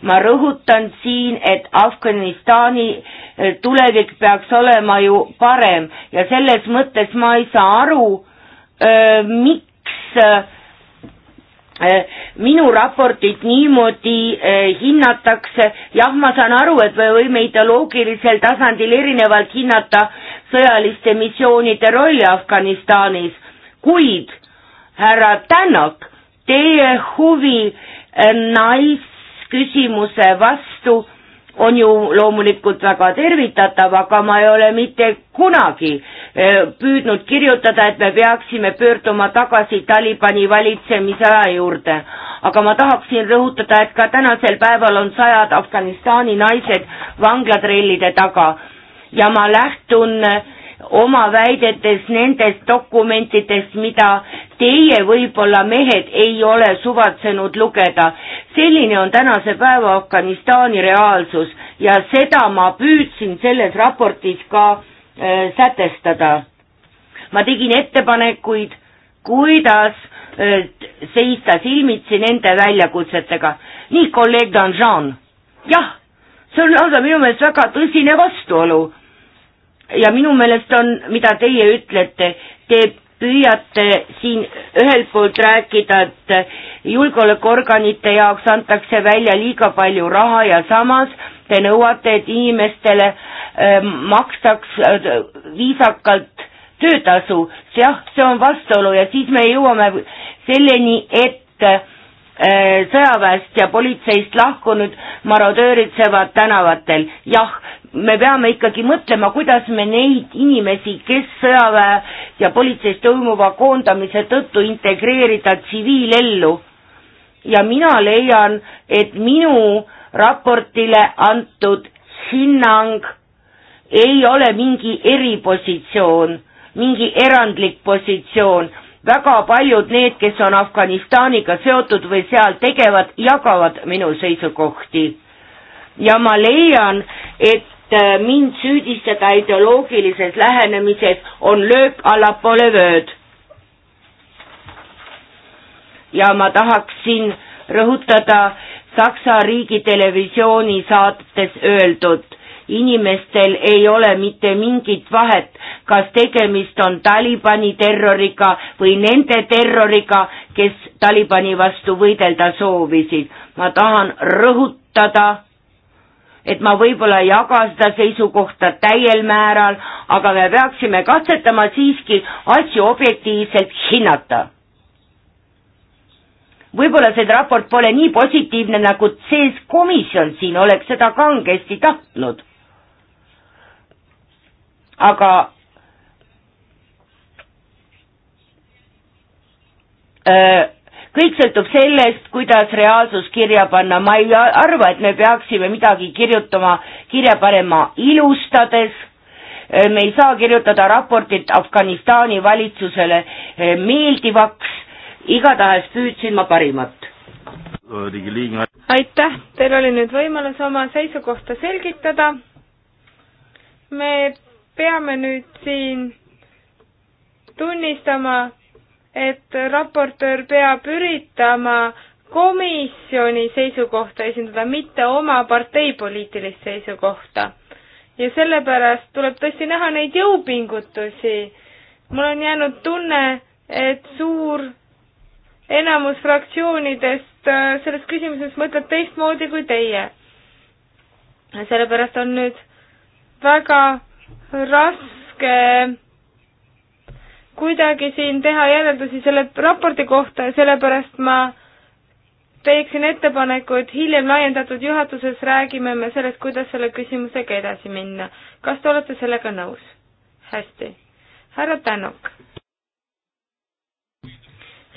ma rõhutan siin, et Afganistani eh, tulevik peaks olema ju parem ja selles mõttes ma ei saa aru, eh, miks eh, minu raportit niimoodi hinnatakse, jah, ma saan aru, et me võime ideoloogilisel tasandil erinevalt hinnata sõjaliste missioonide rolli Afganistanis, kuid härra Tänak, teie huvi eh, naisküsimuse vastu on ju loomulikult väga tervitatav, aga ma ei ole mitte kunagi eh, püüdnud kirjutada, et me peaksime pöörduma tagasi Talibani valitsemisaja juurde. aga ma tahaksin rõhutada, et ka tänasel päeval on sajad Afganistani naised vanglatrellide taga ja ma lähtun eh, oma väidetes nendest dokumentidest, mida teie võib-olla, mehed, ei ole suvatsenud lugeda. selline on tänase päeva Afganistani reaalsus ja seda ma püüdsin selles raportis ka äh, sätestada. ma tegin ettepanekuid, kuidas äh, seista silmitsi nende väljakutsetega. nii, kolleeg Danjean, jah, see on lausa minu meelest väga tõsine vastuolu ja minu meelest on, mida teie ütlete, teeb püüate siin ühelt poolt rääkida, et julgeolekuorganite jaoks antakse välja liiga palju raha ja samas te nõuate, et inimestele äh, makstaks äh, viisakalt töötasu, jah, see on vastuolu ja siis me jõuame selleni, et äh, sõjaväest ja politseist lahkunud marodööritsevad tänavatel. jah, me peame ikkagi mõtlema, kuidas me neid inimesi, kes sõjaväe ja politseis toimuva koondamise tõttu integreerida tsiviilellu. ja mina leian, et minu raportile antud hinnang ei ole mingi eripositsioon, mingi erandlik positsioon, väga paljud need, kes on Afganistaniga seotud või seal tegevad, jagavad minu seisukohti ja ma leian, et et äh, mind süüdistada ideoloogilises lähenemises on löök allapoole vööd. ja ma tahaksin rõhutada Saksa riigitelevisiooni saates öeldud, inimestel ei ole mitte mingit vahet, kas tegemist on Talibani terroriga või nende terroriga, kes Talibani vastu võidelda soovisid. ma tahan rõhutada et ma võib-olla ei jaga seda seisukohta täiel määral, aga me peaksime katsetama siiski asju objektiivselt hinnata. võib-olla see raport pole nii positiivne, nagu sees komisjon siin oleks seda kangesti tahtnud. aga öö, äh, kõik sõltub sellest, kuidas reaalsus kirja panna, ma ei arva, et me peaksime midagi kirjutama, kirja panema ilustades, äh, me ei saa kirjutada raportit Afganistani valitsusele äh, meeldivaks, igatahes püüdsin ma parimat. aitäh, teil oli nüüd võimalus oma seisukohta selgitada. me peame nüüd siin tunnistama et raportöör peab üritama komisjoni seisukohta esindada, mitte oma parteipoliitilist seisukohta. ja sellepärast tuleb tõesti näha neid jõupingutusi. mul on jäänud tunne, et suur enamus fraktsioonidest äh, selles küsimuses mõtleb teistmoodi kui teie. sellepärast on nüüd väga raske kuidagi siin teha järeldusi selle raporti kohta ja sellepärast ma teeksin ettepaneku, et hiljem laiendatud juhatuses räägime me sellest, kuidas selle küsimusega edasi minna. kas te olete sellega nõus? hästi. härra Tänok.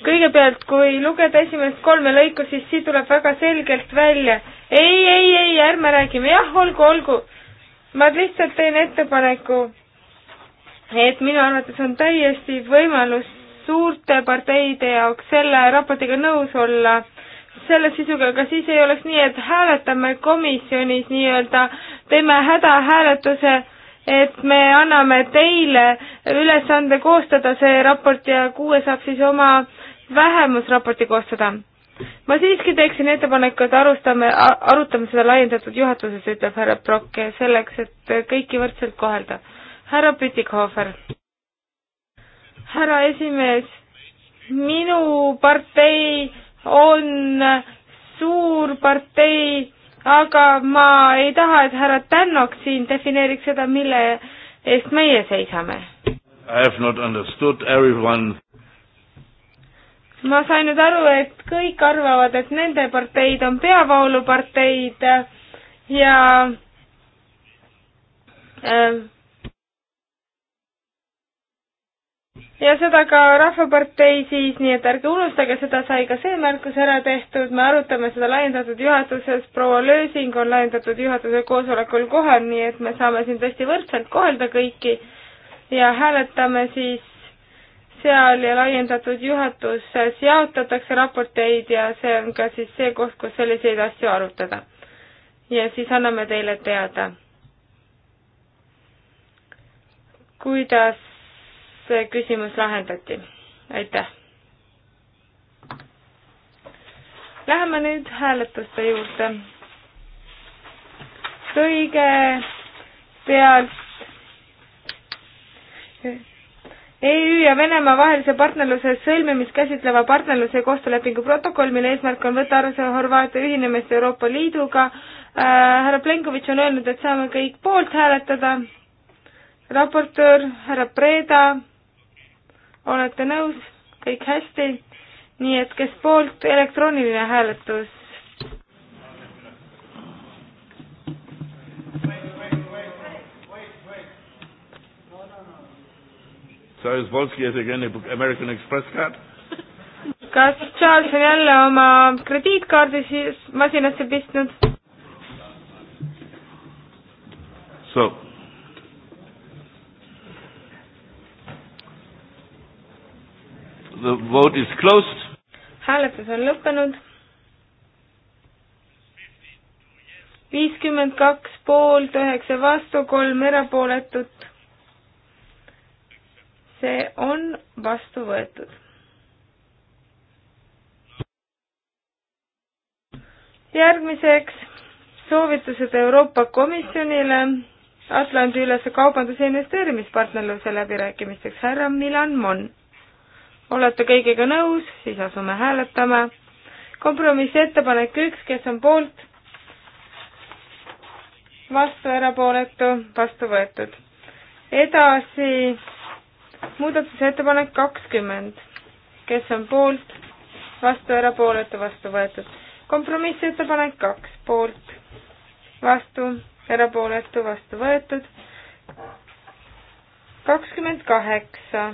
kõigepealt, kui lugeda esimest kolme lõiku, siis siit tuleb väga selgelt välja. ei, ei, ei, ärme räägime, jah, olgu, olgu. ma lihtsalt teen ettepaneku et minu arvates on täiesti võimalus suurte parteide jaoks selle raportiga nõus olla selle sisuga, aga siis ei oleks nii, et hääletame komisjonis nii-öelda, teeme hädahääletuse, et me anname teile ülesande koostada see raport ja kuue saab siis oma vähemusraporti koostada. ma siiski teeksin ettepaneku, et arustame, arutame seda laiendatud juhatuses, ütleb härra Prokk, selleks, et kõiki võrdselt kohelda härra Pütikhofer. härra esimees, minu partei on suur partei, aga ma ei taha, et härra Tännok siin defineeriks seda, mille eest meie seisame. I have not understood everyone ma sain nüüd aru, et kõik arvavad, et nende parteid on peavooluparteid ja äh, ja seda ka Rahvapartei siis, nii et ärge unustage, seda sai ka see märkus ära tehtud, me arutame seda laiendatud juhatuses, proua Lösing on laiendatud juhatuse koosolekul kohal, nii et me saame siin tõesti võrdselt kohelda kõiki ja hääletame siis seal ja laiendatud juhatuses jaotatakse raporteid ja see on ka siis see koht, kus selliseid asju arutada. ja siis anname teile teada, kuidas see küsimus lahendati. aitäh! Läheme nüüd hääletuste juurde. kõigepealt EÜ ja Venemaa vahelise partnerluse sõlmimist käsitleva partnerluse koostöölepingu protokoll, mille eesmärk on võtta arvesse Horvaatia ühinemist Euroopa Liiduga äh,. härra Plenkovitš on öelnud, et saame kõik poolt hääletada. raportöör härra Preda olete nõus, kõik hästi, nii et kes poolt, elektrooniline hääletus. Charles Volski has again an American Express card. kas Charles on jälle oma krediitkaardi siis masinasse pistnud? So The vote is closed. hääletus on lõppenud. viiskümmend kaks poolt, üheksa vastu, kolm erapooletut. see on vastu võetud. järgmiseks soovitused Euroopa Komisjonile Atlandi-ülese kaubandus- ja investeerimispartnerluse läbirääkimisteks, härra Milan Mon olete kõigega nõus, siis asume hääletama. kompromissettepanek üks, kes on poolt? vastu, erapooletu, vastu võetud. edasi muudatusettepanek kakskümmend, kes on poolt? vastu, erapooletu, vastu võetud. kompromissettepanek kaks, poolt, vastu, erapooletu, vastu võetud. kakskümmend kaheksa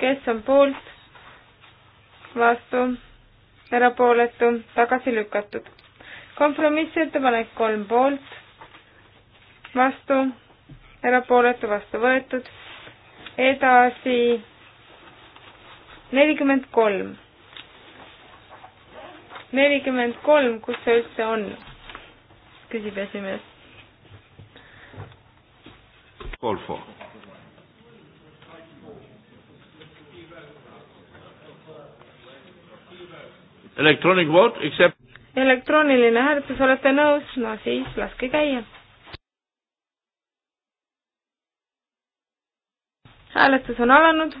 kes on poolt, vastu, erapooletu, tagasi lükatud. kompromissettepanek kolm poolt, vastu, erapooletu, vastu võetud. edasi nelikümmend kolm. nelikümmend kolm, kus see üldse on? küsib esimees. Golfo Electronic vote except elektrooniline hääletus, olete nõus? no siis laske käia. hääletus on alanud.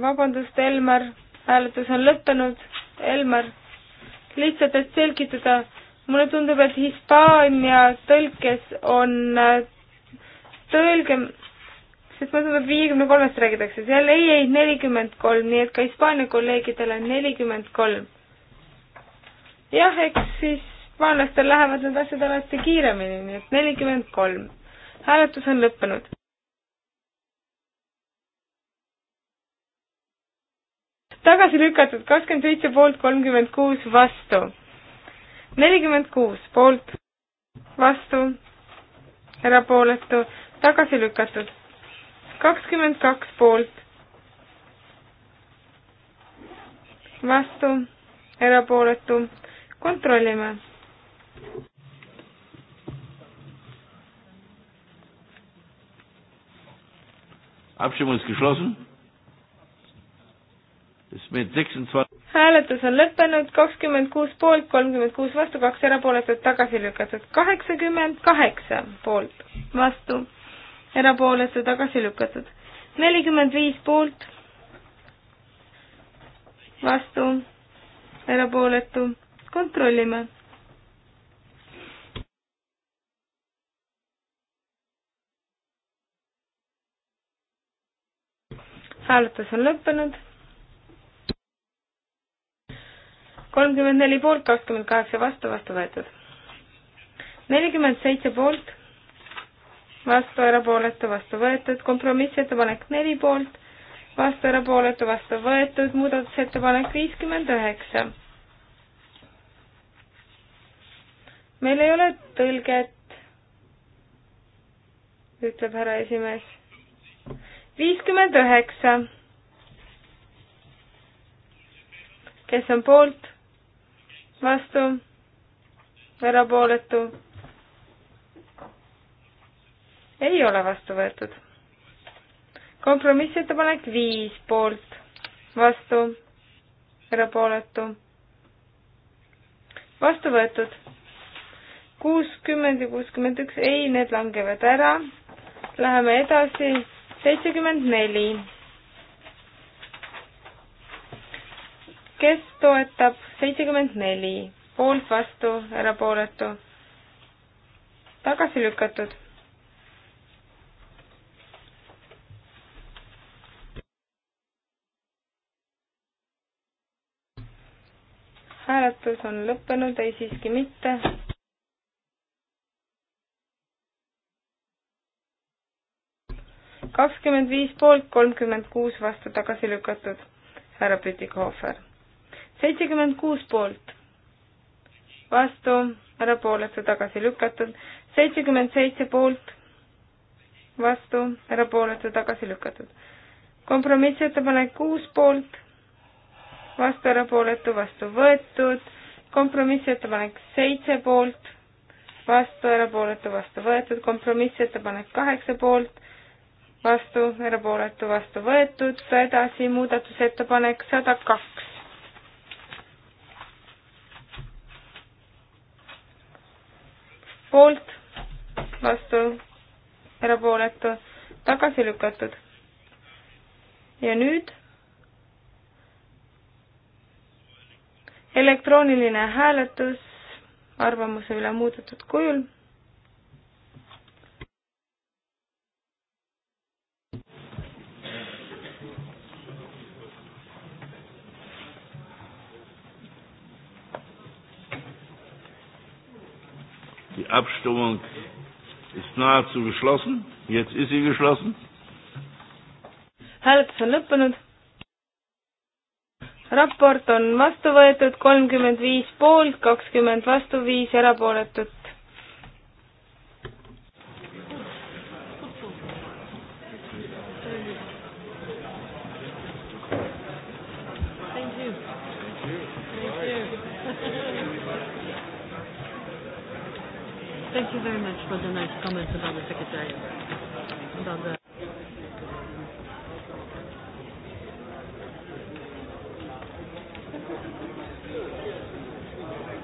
vabandust, Elmar, hääletus on lõppenud. Elmar, lihtsalt, et selgitada, mulle tundub, et Hispaania tõlkes on äh, tõlge sest ma saan, et viiekümne kolmest räägitakse, seal ei, ei, nelikümmend kolm, nii et ka Hispaania kolleegidel on nelikümmend kolm. jah, eks hispaanlastel lähevad need asjad alati kiiremini, nii et nelikümmend kolm. hääletus on lõppenud. tagasi lükatud kakskümmend seitse poolt, kolmkümmend kuus vastu. nelikümmend kuus poolt, vastu, erapooletu, tagasi lükatud kakskümmend kaks poolt, vastu, erapooletu, kontrollime. Abstimmung ist geschlossen. Ist mit 26 hääletus on lõppenud, kakskümmend kuus poolt, kolmkümmend kuus vastu, kaks erapooletut tagasi lükatud, kaheksakümmend kaheksa poolt vastu erapooletu tagasi lükatud. nelikümmend viis poolt, vastu, erapooletu, kontrollime. hääletus on lõppenud. kolmkümmend neli poolt, kakskümmend kaheksa vastu, vastu võetud. nelikümmend seitse poolt vastu, erapooletu, vastu võetud, kompromissettepanek neli poolt, vastu, erapooletu, vastu võetud, muudatusettepanek viiskümmend üheksa. meil ei ole tõlget, ütleb härra esimees. viiskümmend üheksa. kes on poolt, vastu, erapooletu ei ole vastu võetud. kompromissettepanek viis poolt, vastu, erapooletu, vastu võetud. kuuskümmend ja kuuskümmend üks, ei, need langevad ära. Läheme edasi, seitsekümmend neli. kes toetab seitsekümmend neli, poolt, vastu, erapooletu, tagasi lükatud hääletus on lõppenud, ei siiski mitte. kakskümmend viis poolt, kolmkümmend kuus vastu tagasi lükatud, härra Pütikohver. seitsekümmend kuus poolt, vastu, erapooletu tagasi lükatud, seitsekümmend seitse poolt, vastu, erapooletu tagasi lükatud. kompromissettepanek kuus poolt vastu erapooletu, vastu võetud, kompromissettepanek seitse poolt, vastu erapooletu, vastu võetud, kompromissettepanek kaheksa poolt, vastu erapooletu, vastu võetud, edasi muudatusettepanek sada kaks. poolt, vastu, erapooletu, tagasi lükatud. ja nüüd elektrooniline hääletus arvamuse üle muudetud kujul. Die Abstimmung ist nahezu geschlossen. Jetzt ist sie geschlossen. Hääletus on lõppenud raport on vastu võetud, kolmkümmend viis poolt, kakskümmend vastu, viis erapooletut. Thank you very much for the nice comments about the secretariat. About the